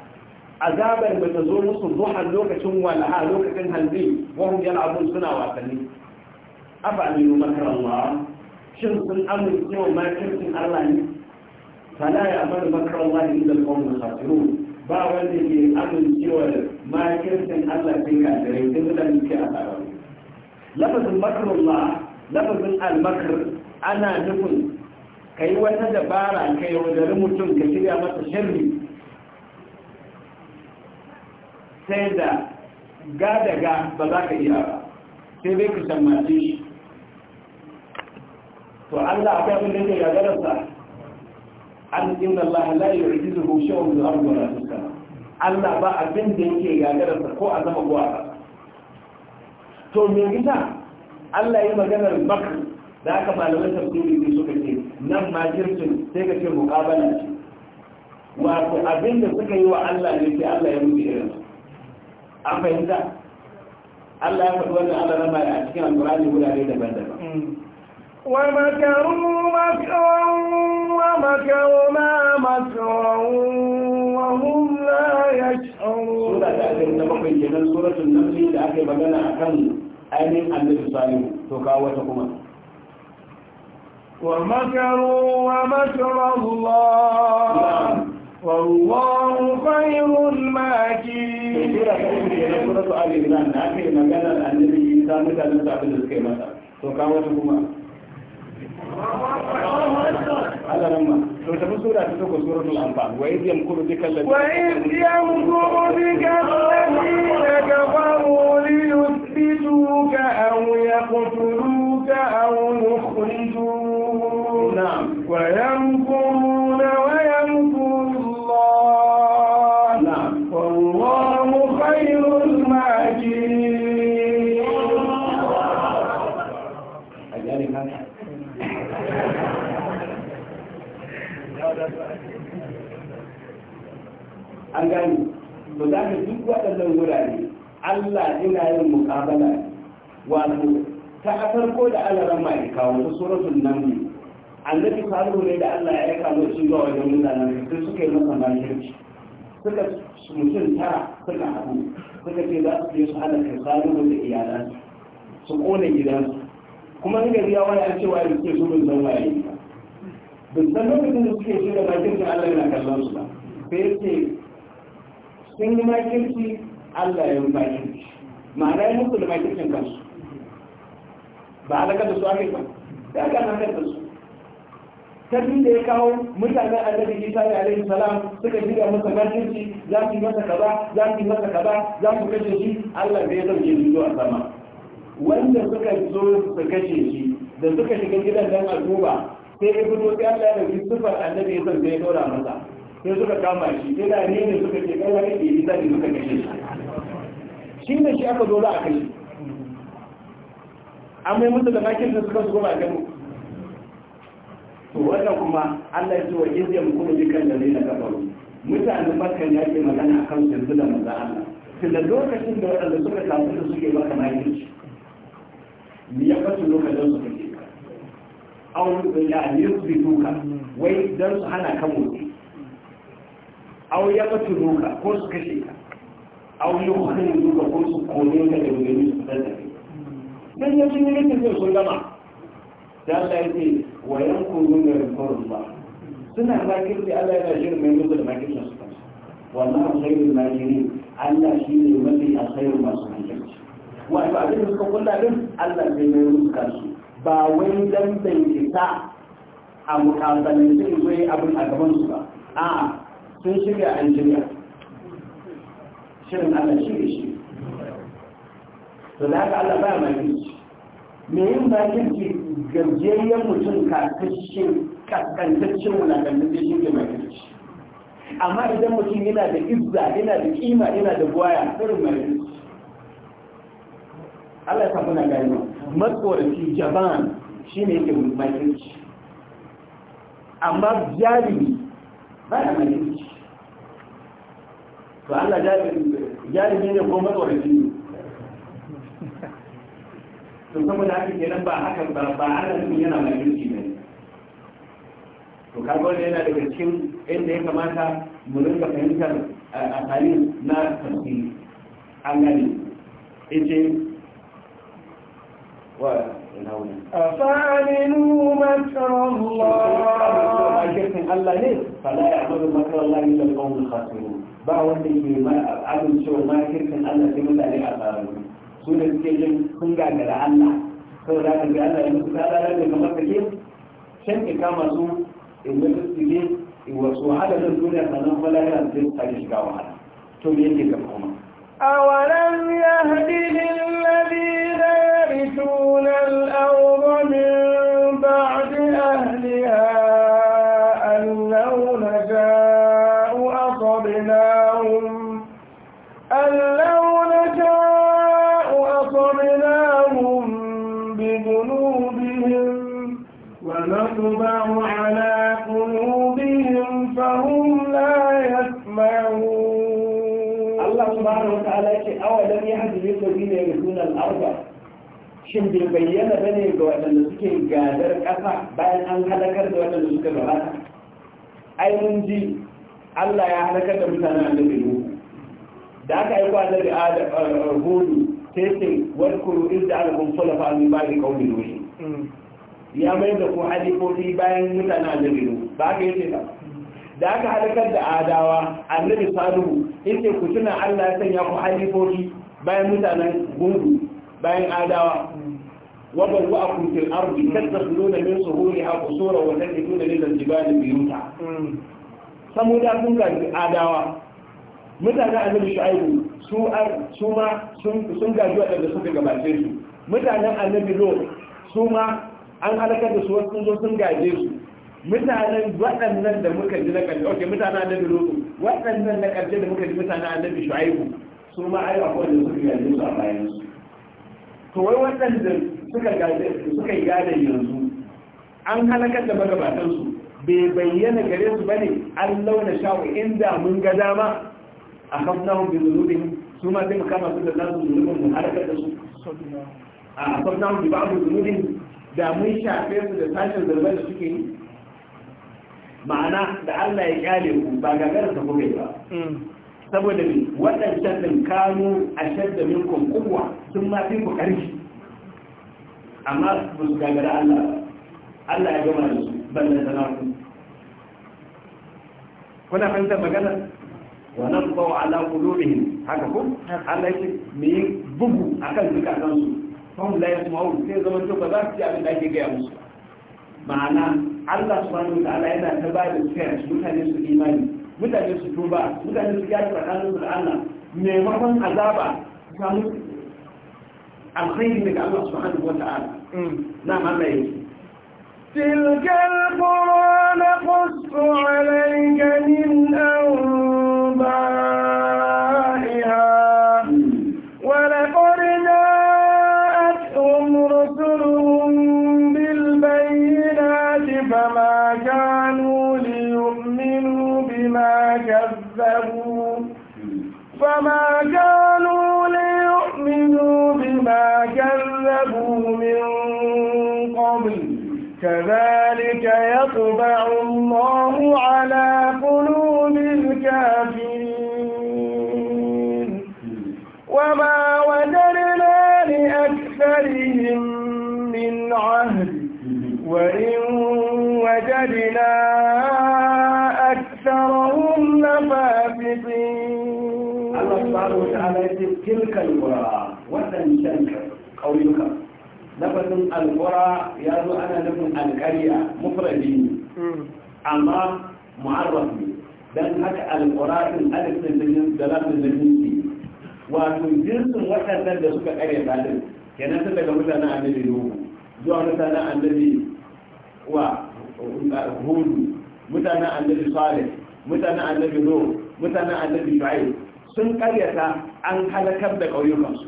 azabar da ta zo musu zuhan lokacin wala'a lokacin hanzi wahun yana abun suna wasanni afa yi makar Allah shin sun amince wa makircin Allah ne fala ya amanu makar Allah ne da kawai khasiru ba wanda ke amince wa makircin Allah sai ka dare duk da muke a tsara lafazin makar Allah lafazin al-makr ana nufin kai wata dabara kai yaudari mutum ka shirya masa sharri sai da ga daga ba za ka iya ba sai bai ka sammace shi to Allah akan bin da yake sa, an inna Allah la yu'jizuhu shay'un fil ardi wala fis sama Allah ba abin da yake sa, ko a zama, ko a to me yasa Allah yi maganar bak da aka malama tafsiri ne suka ce nan ma jirtin sai ka ce muqabala ce wato abin da suka yi wa Allah ne sai Allah ya mutu irin an fahimta Allah ya faɗi wannan Allah mai a cikin alƙur'ani wurare daban-daban mm. ومكروا مكرا ومكرنا مكرا وهم لا يشعرون سورة تأثير نبقى جنان سورة النمل لأكي بغانا أكن أين النبي صالح تكاوتكما ومكروا ومكر الله والله خير الماكرين سورة تأثير سورة آل إبران أكي مغانا النبي صالح تكاوتكما على لما لو تبقى سورة تتوقع سورة الأنفال وإذ يمكر بك الذين كفروا ليثبتوك أو يقتلوك أو يخرجوك نعم ويمكرون ويمكرون Allah ina yin muƙabala wato ta asar ko da alaran ma'aika wata suratul namli annabi salihu ne da Allah ya aika mai shi zuwa wajen mutanen sai suka yi masa makirci suka mutum ta suka haɗu suka ce za su je su halaka salihu da iyalansu su gidan gidansu kuma ni gari ya wani an cewa ya suke su bin san waye ba bin san lokacin da suke shi da makirci Allah yana kallon su ba sai ce sun yi makirci Allah ya rufa shi ma'ana ya mutu da makircin kansu ba alaka da su ake ba ya ga nan da su tafi da ya kawo mutanen annabi Isa da alaihi salam suka jira masa makirci za su yi masa kaza za su yi masa kaza za su kashe shi Allah bai dauke su zuwa sama wanda suka zo su kashe shi da suka shiga gidan dan al'umma sai ya fito sai Allah ya dauki sifar annabi ya sai ya dora masa sai suka kama shi sai da ne suka ce kai wani ke Isa ne suka kashe shi shi ne shi aka dole a kai an mai mutu da makin da suka su goma gano to wannan kuma allah ya ce wa izi ya muku ji kan da na kafaru mutanen makan ya ke magana a kan yanzu da maza allah tunda lokacin da waɗanda suka tafi da suke maka makin ni ya fasu lokacin su kake au ya duka, wai don su hana kan mutu au ya fasu duka ko su kashe ka au yukhin duka ko su kone ka da wani su tsada dan yanzu ne ne ke sun gama da Allah yake wa yankuru min al ba. suna zakir da Allah yana shirin mai musu da makirin su kansu wallahi khairul makirin Allah shi ne mafi alkhairu masu hankali wa ba abin da suka kulla din Allah zai mai musu kansu ba wai dan bai a mukabalin sai zai abin a gaban su ba a'a sun shirya an shirya shirin Allah shi ne shi to da haka Allah ba mai kirki me yin ba kirki gajiyayyen mutum kasashe kaskantaccen wulakantaccen shi ke mai kirki amma idan mutum yana da izza yana da kima yana da gwaya irin mai kirki Allah ya samu na gani matsorafi jaban shi ne ke mai kirki amma jarumi ba da mai kirki to Allah jarumi ne ko matsoraci ne to haka kenan ba haka ba ba ana nufin yana mai ne to kaga wannan yana daga cikin inda ya kamata mu rinka fahimtar a na an ina Allah ne fala ya amalu ba wanda ke al'adun cewa makirkin Allah sai mutane a tsarin su da suke jin sun gagara Allah sau za kan ga Allah ya musu ta tsara da kamar kake can ki kama su in wata su ne in wasu wahala da duniya sannan kuma lafiya su zai tsari shiga wahala to me yake ga kuma أولم da للذين يرثون الذين يرثون الأرض shin bai bayyana ba ne ga waɗanda suke gadar ƙasa bayan an halakar da waɗanda suka gabata ai mun ji Allah ya halakar da mutanen annabi Nuhu da aka aiko annabi Adam eh, eh, hudu sai ce wadkuru idda alkum sulafa min ba'di qawmi nuh ya mai da ku halifofi bayan mutanen da Nuhu ba ka ce ba da aka halakar da adawa annabi Salihu ce ku tuna Allah ya sanya ku halifofi bayan mutanen gungu bayan adawa wa ku a kuntil ardi nuna min suhuriha qusura wa ke nuna al-jibali buyuta samuda sun ga adawa mutanen annabi shu'aibu su su ma sun gaji wadanda suka gabace su mutanen annabi lot su ma an halakar da su wasu zo sun gaje su mutanen waɗannan da muka ji na ƙarshe ok mutanen annabi lot waɗannan na ƙarshe da muka ji mutanen annabi shu'aibu su ma ai akwai da suka gaje a bayan su to wai waɗanda suka gaje suka yi yanzu an halakar da magabatan su bai bayyana gare su bane an launa shawo inda mun ga dama a kafnahun bi zunubin su ma sai mu kama su da nasu zunubin mu halakar da su a kafnahun bi ba'u zunubin da mun shafe su da sashen zarbar da suke yi ma'ana da Allah ya kyale ku ba gagara ta kuma ba mm. saboda ne waɗancan ɗin kano a shadda min kuwa sun ma fi ku ƙarfi amma ba su gagara Allah Allah ya gama da su da sana ku kuna fahimtar magana wannan bawa ala ne, haka ko Allah ya ce yi bugu akan zukatan su fahim su yasma'u sai zaman su ba za su ci abin da ake gaya musu ma'ana Allah subhanahu wa ta'ala yana ta ba da su mutane su imani mutane su tuba mutane su gyara tsakanin su Allah maimakon azaba samu alkhairi daga Allah subhanahu wa mm. na Allah yake تلك القرى نقص عليك من tilkal qura wadancan kauyuka lafazin alqura ya zo ana nufin alqarya mufradi ne amma mu'arraf ne dan haka alqura din alif din da lafazin jinsi wato jinsin waɗannan da suka ƙare ɗalin kenan tun daga mutanen annabi nuhu zuwa mutanen annabi wa hudu mutanen annabi salih mutanen annabi nuhu mutanen annabi shu'aib sun ƙaryata an halakar da ƙauyukansu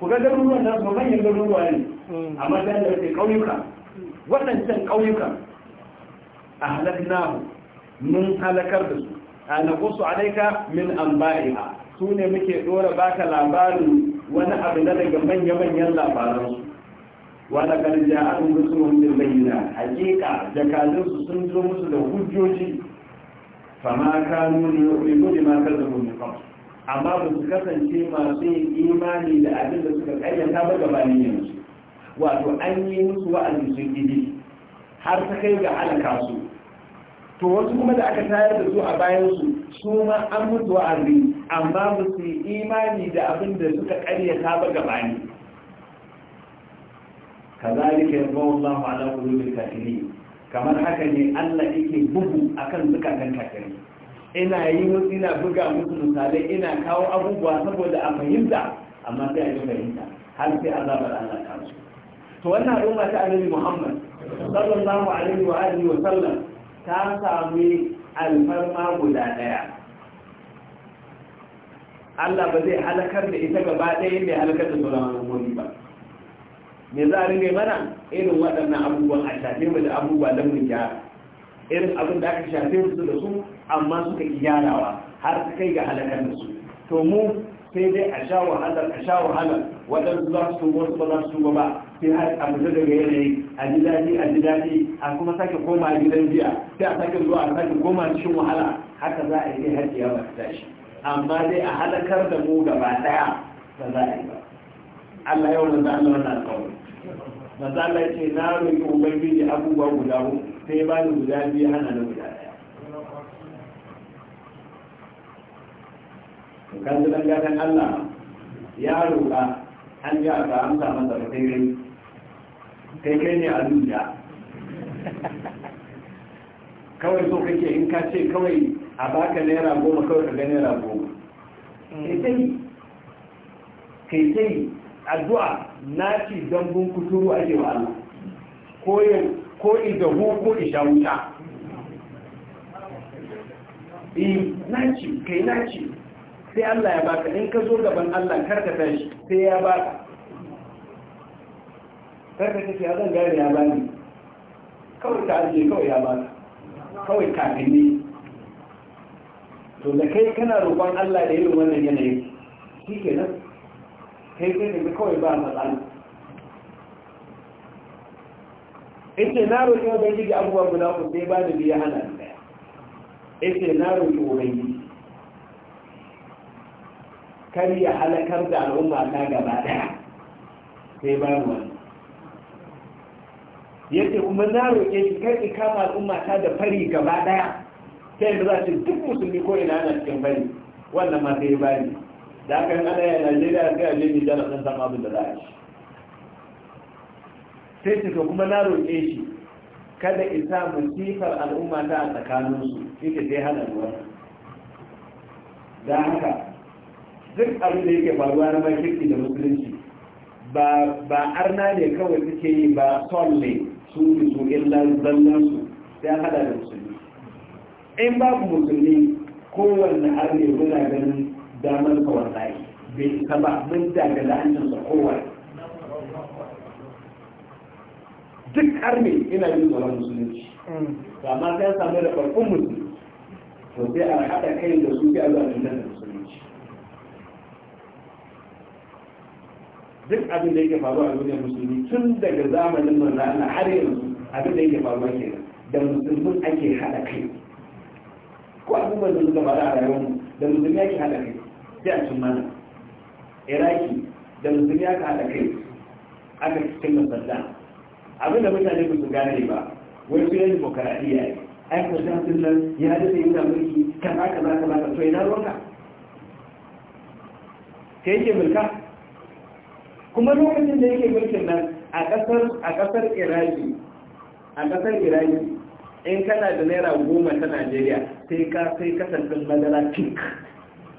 ku ga garuruwan da su manyan garuruwa ne mm. amma da da ke ƙauyuka waɗancan ƙauyuka a halaknahu mun halakar da su a na naƙusu alaika min an ba'iha su ne muke ɗora baka labarin wani abu na daga manya-manyan labaransu wala kan ja an rusu mun bayyana hakika jakadun su sun zo musu da hujjoji fama kanu ne yu'minu bima kazzabu min qabl amma ba su kasance masu yin imani da abin da suka kayyata ba gabanin yin su wato an yi musu wa'azi sun gidi har ta kai ga halaka su to wasu kuma da aka tayar da su a bayan su su ma an mutu wa'azi amma ba su yi imani da abin da suka karyata ba gabani kazalika yadullahu ala qulubil kafiri kamar haka ne Allah yake bugu akan zukatan kafiri ina yi wasu ina buga musu misalai ina kawo abubuwa saboda a fahimta amma sai a yi fahimta har sai azabar Allah ta to wannan al'umma ta annabi Muhammad sallallahu alaihi wa alihi wa sallam ta sami alfarma guda daya Allah ba zai halakar da ita gaba ɗaya yadda ya halakar da sauran al'ummomi ba me za a rinne mana irin waɗannan abubuwan a shafe mu da abubuwa don mu gyara irin abin da aka shafe su da su amma suka yi gyarawa har su kai ga halakar da su to mu sai dai a sha wahalar a sha wahalar waɗansu za su wasu ba za su ba sai har a mutu daga yanayi a ji daɗi a ji daɗi a kuma sake koma gidan jiya sai a sake zuwa a sake koma cikin wahala haka za a yi dai har kiyama ta tashi amma dai a halakar da mu gaba ɗaya ba za a yi ba Allah yau na za wani alƙawari na manzo Allah ya ce na roƙi ubangiji abubuwa guda uku sai ba ni guda biyu hana na guda kan ji dan Allah ya roƙa an ji aka amsa masa da kai kai kai ne a duniya kawai so kake in ka ce kawai a baka naira goma kawai ka ga naira goma kai kai kai a addu'a na ci zambun kuturu a ke wa'ala ko in da idahu ko isha wuta eh na ci kai na ci sai Allah ya baka in ka zo gaban Allah karka tashi sai ya baka karka tashi ya zan gane ya bani kawai ka ajiye kawai ya baka kawai ta ne to da kai kana roƙon Allah da yin wannan yanayi shi ke nan kai kai da kawai ba matsala ce na roƙi wa ubangiji abubuwan guda ku sai ba da biya hana ɗaya ce na roƙi ubangiji kar ya halakar da al'umma ta gaba daya sai ba mu wani yace kuma na roƙe shi kar ki kama al'umma ta da fari gaba daya sai yanzu za ce duk musulmi ko ina ana cikin fari wannan ma sai ba ni da aka yin ana a Najeriya sai a je Nijar a san abin da za a ci sai ce to kuma na roƙe shi kada isa musifar al'umma ta a tsakaninsu ita sai hana ruwa da haka duk abin da yake faruwa na makirki da musulunci ba arna ne kawai suke yi ba son ne su ne su illa zallan su sai hada da musulmi in babu musulmi kowanne arne muna ganin damar kawar bai isa ba mun daga sa kowanne duk arme ina yin tsoron musulunci ba mm. ma sai samu da farkon musulmi to sai a haɗa kai da su sai a zuwa nan duk abin da yake faruwa a duniyar musulmi tun daga zamanin manzo Allah har yanzu abin da yake faruwa ke da musulmin ake hada kai ko abubuwan da suka faru a rayuwar mu da musulmi ake hada kai sai a cin mana iraki da musulmi aka hada kai aka cikin masalla abin da mutane ba su gane ba wai filin yi demokaradiyya ne ai ko sai sun nan ya da sai yana mulki kaza kaza kaza to ina ruwanka kai ke mulka kuma lokacin da yake mulkin nan a kasar a kasar iraki a kasar iraki in kana da naira goma ta najeriya sai ka sai kasancin madara cik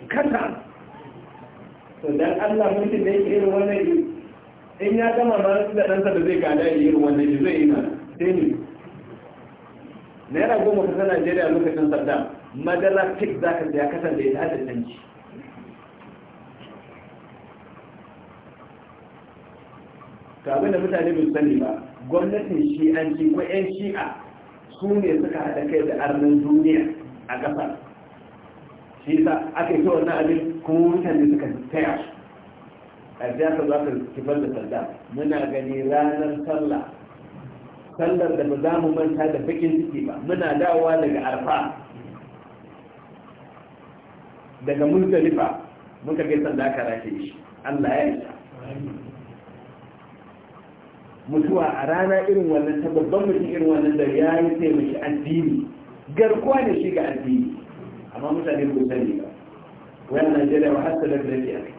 kasa to dan allah mulkin da yake irin wannan in ya gama ba da ɗansa da zai gada ya irin wannan zai yi na sai ne naira goma ta najeriya lokacin sarda madara cik za ka ya kasance ya ta canci kamar da mutane bai sani ba gwamnatin shi'anci ko 'yan shi'a su ne suka haɗa kai da arnin duniya a ƙasar. shi sa aka yi ta wannan abin kuma mutane suka taya su a za ka za ka kifar da sanda muna gani ranar sallah sallar da ba za mu manta da bakin ciki ba muna dawowa daga arfa daga mulkalifa muka ga sanda ka rashe shi Allah ya yi mutuwa a rana irin wannan ta babban mutum irin wannan da ya yi taimaki addini garkuwa ne shi ga addini amma mutane ko sani ba wayan najeriya wa har da da ke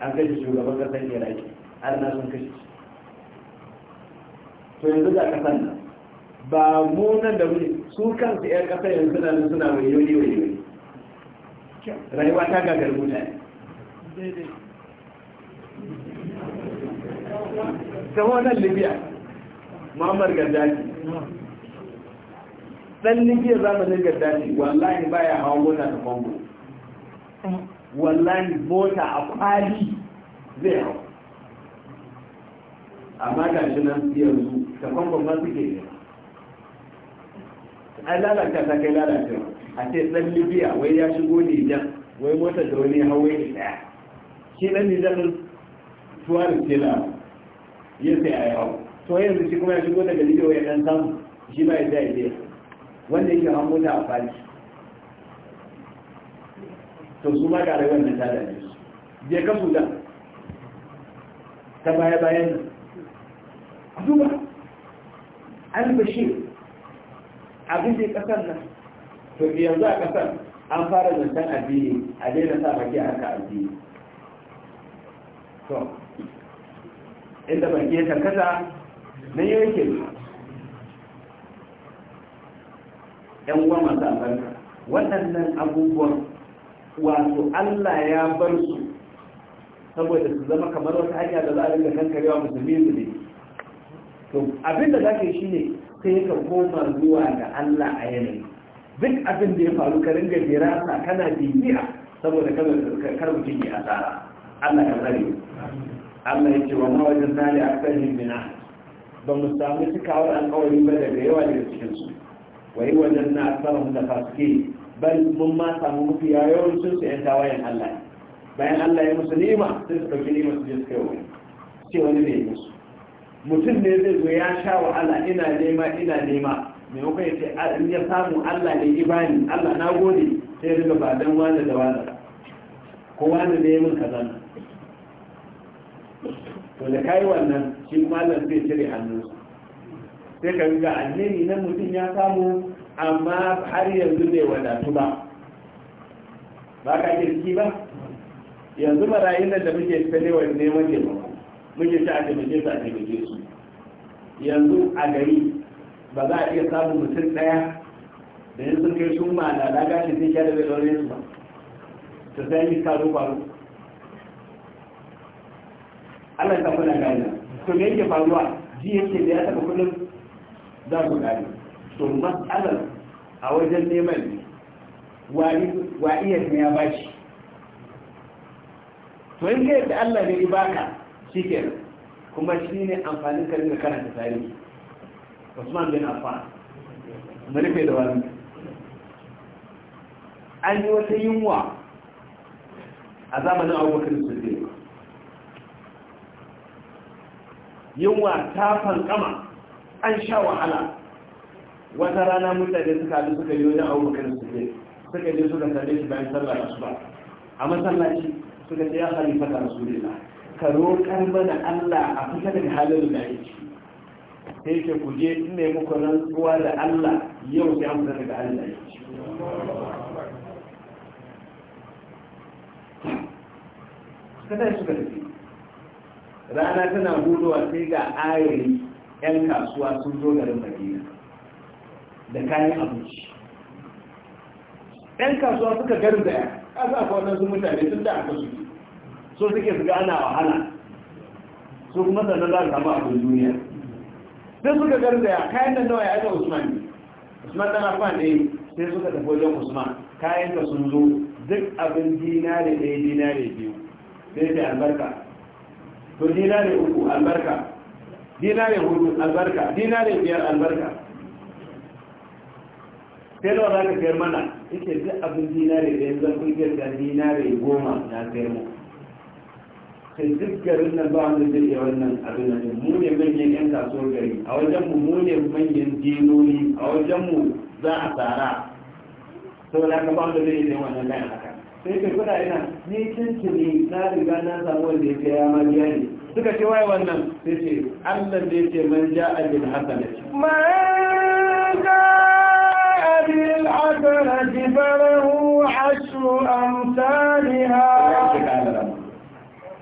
an kashe shugaban kasan iraki har na sun kashe to yanzu ga kasan nan ba mu nan da muke su kansu 'yan kasa yanzu suna nan suna wani wani wani rayuwa ta gagar mutane ta wannan libya muhammad gaddafi dan libya zamanin gaddafi wallahi baya hawa mota da kongo wallahi mota a kwali zai hau amma ga shi nan yanzu ta kongo ma suke ne an lalata ta kai lalata a ce dan libya wai ya shigo ne jan wai motar da wani hawa ya ɗaya shi dan nijar tuwarin ce lalata ya sai a yawo to yanzu shi kuma ya shigo daga liyo ya dan samu shi ba ya sai ya wanda yake hawo mota a fali to su ma ga rayuwar nan ta dame su je ka su da ta baya bayan nan a duba an abin da kasar nan to yanzu a kasar an fara zancen addini a daina sa baki a haka addini inda baki ya karkata na yankin yan uwa masu albarka waɗannan abubuwan wato Allah ya bar su saboda su zama kamar wata hanya da za a rinka kankarewa musulmi su ne to abin da ka yi ne sai ka koma zuwa ga Allah a yanayi duk abin da ya faru ka ringa sa kana bibiya saboda kar mutum ya asara Allah ya tsare Allah ya ce wajen mawajin zali a ƙarfin bina ba mu samu cikawar alƙawari ba daga yawa daga cikinsu wa yi wajen na asarar da fasike bal mun ma samu mafi sun su 'yan tawayen Allah bayan Allah ya musu nima sai su ɗauki nima su je su kai wani ce wani ne musu mutum ne zai zo ya sha wahala ina nema ina nema maimakon ya ce in ya samu Allah ne ibani Allah na gode sai ya riga ba dan wani da wani ko wani ne mun kazana to da kai wannan shi malam zai cire hannu. sai ka ga annabi na mutum ya samu amma har yanzu bai wadatu ba ba ka ji ciki ba yanzu nan da muke tsanewa neman ne muke ta a muke ta a muke su yanzu a gari ba za a iya samun mutum ɗaya da yanzu kai sun ma na laga shi sai kyara bai ɗaure su ba ta sai yi karu faru Allah ya kuna gane to me yake faruwa ji yake da ya taba kudin za ku gani to matsalar a wajen neman wa iya ya ba shi? to in ka yadda Allah ne baka shikenan kuma shi ne amfanin ka da karanta tarihi Usman bin Affan mulke da wani an yi wata yunwa a zamanin abubakar siddiq yunwa ta fankama an sha wahala wata rana mutane suka haɗu suka yi wajen abubakar suke suka je suka same shi bayan sallar ba. a masallaci suka ce ya su ne rasulullah ka roƙar mana Allah a fita daga halin da yake sai ke ku je in ne muku rantsuwa da Allah yau sai an fita daga halin da yake suka tafi suka tafi rana tana hudowa sai ga ayari 'yan kasuwa sun zo garin madina da kayan abinci 'yan kasuwa suka garzaya ƙasa a waɗansu mutane sun da aka suke so suke su ana wahala su kuma sannan za su samu abin duniya sai suka garzaya kayan da nawa ya aika usman ne usman dana fan ne sai suka tafi wajen usman kayan ka sun zo duk abin dinare ɗaya dinare biyu sai ta albarka to dinare uku albarka dinare hudu albarka dinare biyar albarka sai da wata ka sayar mana ita duk abin dinare da yanzu kun da dinare goma na sayar mu sai duk garin nan ba wanda zai iya wannan abin nan mu ne manyan yan kasuwar gari a wajen mu mu ne manyan dinoni a wajen mu za a tsara saboda haka ba wanda zai iya wannan lai haka sai ka kuɗa ina ni ne na riga na samu wanda ya ya ma biya ne suka ce waye wannan sai ce Allah da yake man ja'a bil hasanati man ja'a bil hasanati falahu ashru amsalha Allah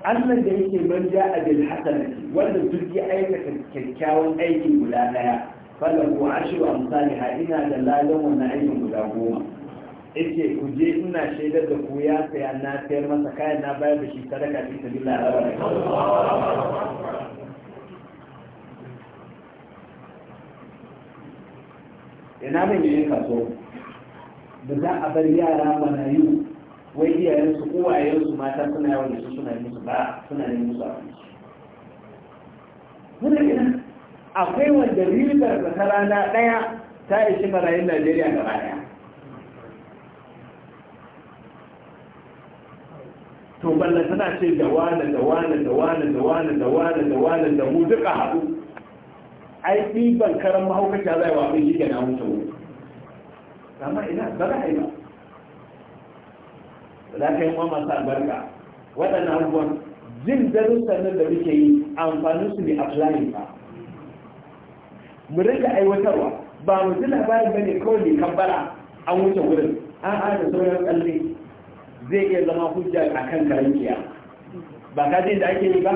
da yake man ja'a bil hasanati wanda duk ya aikata kyakkyawan aiki guda daya falahu ashru amsalha ina da ladan wannan aikin guda goma yace ku je ina shaidar da ku ya saya na sayar masa kayan na bayar da shi sadaka fi sabilillah ina mai yin kaso da za a bar yara yi wai iyayensu su mata suna yawon da su suna yi musu ba suna yi musu abinci muna gina akwai wanda ribar da ta rana ɗaya ta ishi marayun najeriya gaba to ballan tana ce da wane da wane da wane da wane da wane da wane da mu duka haɗu ai bi ban karan mahaukaciya zai wa abin shi na mutu mu. amma ina ba za a yi ba za ka yi ma masu albarka waɗannan abubuwan jin darussan nan da muke yi amfanin su ne applying ba mu rinka aiwatarwa ba mu ji labarin bane kawai ne kabbara an wuce wurin An da sauran tsalle zai iya zama hujja a kan garinkiya ba ka da ake yi ba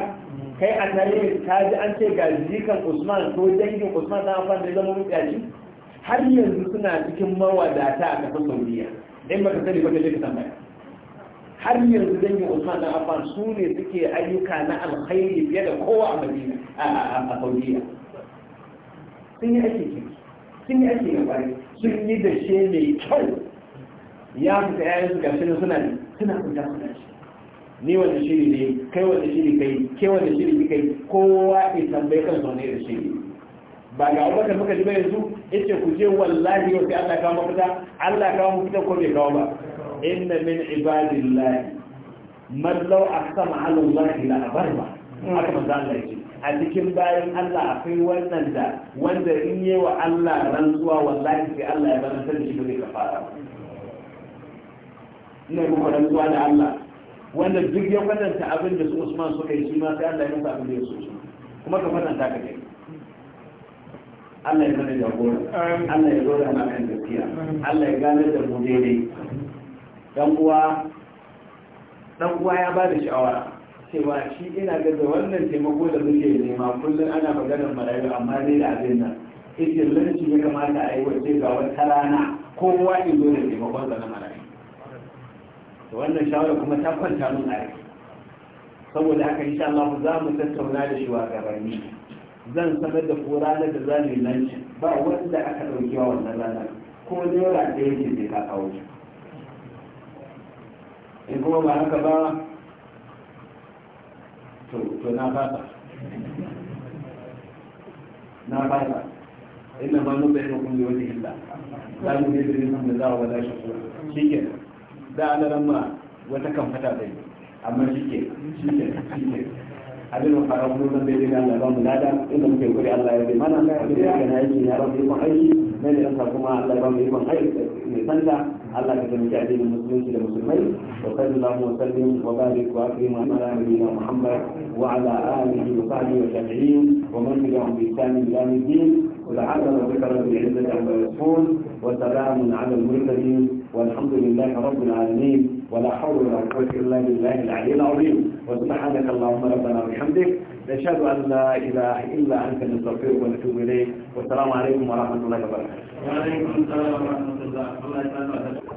kai a tarihi ta ji an ce ga jikan usman ko dangin usman na amfani da zama mutyaci har yanzu suna cikin mawadata a kasar saudiya ɗin ba ka sani ba ka jika ka tambaya har yanzu dangin usman na amfani su ne suke ayyuka na alkhairi fiye da kowa a madina a saudiya sun yi ake sun yi ake sun yi da shi mai kyau ya fita yayin su gashi suna ne suna kunta suna shi ni wanda shiri ne kai wanda shiri kai ke wanda shiri kai kowa ya tambayi kan zaune da shiri ba ga abubakar muka ji ba yanzu yace ku je wallahi yau sai Allah kawo mafita Allah kawo mafita ko bai kawo ba inna min ibadillahi man law aqsama ala Allah la abarba haka manzo Allah yace a cikin bayan Allah akwai wannan da wanda in yi wa Allah rantsuwa wallahi sai Allah ya barantar da shi ba zai kafara ina muku rantsuwa da Allah wanda duk ya kwatanta abin da su Usman suka yi shi ma sai Allah ya masa abin da ya so shi kuma ka kwatanta ka kai Allah ya mana jagora Allah ya dora mana kan gaskiya Allah ya gane da mu daidai dan uwa dan uwa ya ba da shawara cewa shi ina ga da wannan taimako da muke nema kullum ana maganar marayu amma dai da abin nan ita lanci ya kamata a yi wace ga wata rana kowa zo da taimakon sa na marayu da wannan shawara kuma ta kwanta mun a saboda haka insha Allah za mu tattauna da shi wa gabani zan sanar da ku ranar da za mu yi nan ba wanda aka ɗauki wa wannan rana ko naira ɗaya ce sai ka kawo in kuma ba haka ba to na fata na fata inna ma nubairu kun bi wajhi Allah la da kun bi da wala shukr shikenan da ana nan wata kan fata bai amma shi ke shi ke shi ke abin da fara kuma zan bai daga Allah ba mu lada inda muke gode Allah ya bai mana abin da kana yake ya ikon aiki na ne ranka kuma Allah ba mu ikon aiki mai sanda Allah ka taimaki addinin musulunci da musulmai wa sallallahu wa sallim wa barik wa akrim ala Muhammad wa ala alihi wa sahbihi wa tabi'in wa man tabi'ahum bi ihsan ila yawm سبحان ربك رب عما يصفون وسلام على المرسلين والحمد لله رب العالمين ولا حول ولا قوة إلا بالله العلي العظيم وسبحانك اللهم ربنا وبحمدك نشهد أن لا إله إلا أنت نستغفرك ونتوب إليك والسلام عليكم ورحمة الله وبركاته. وعليكم السلام ورحمة الله. وبركاته.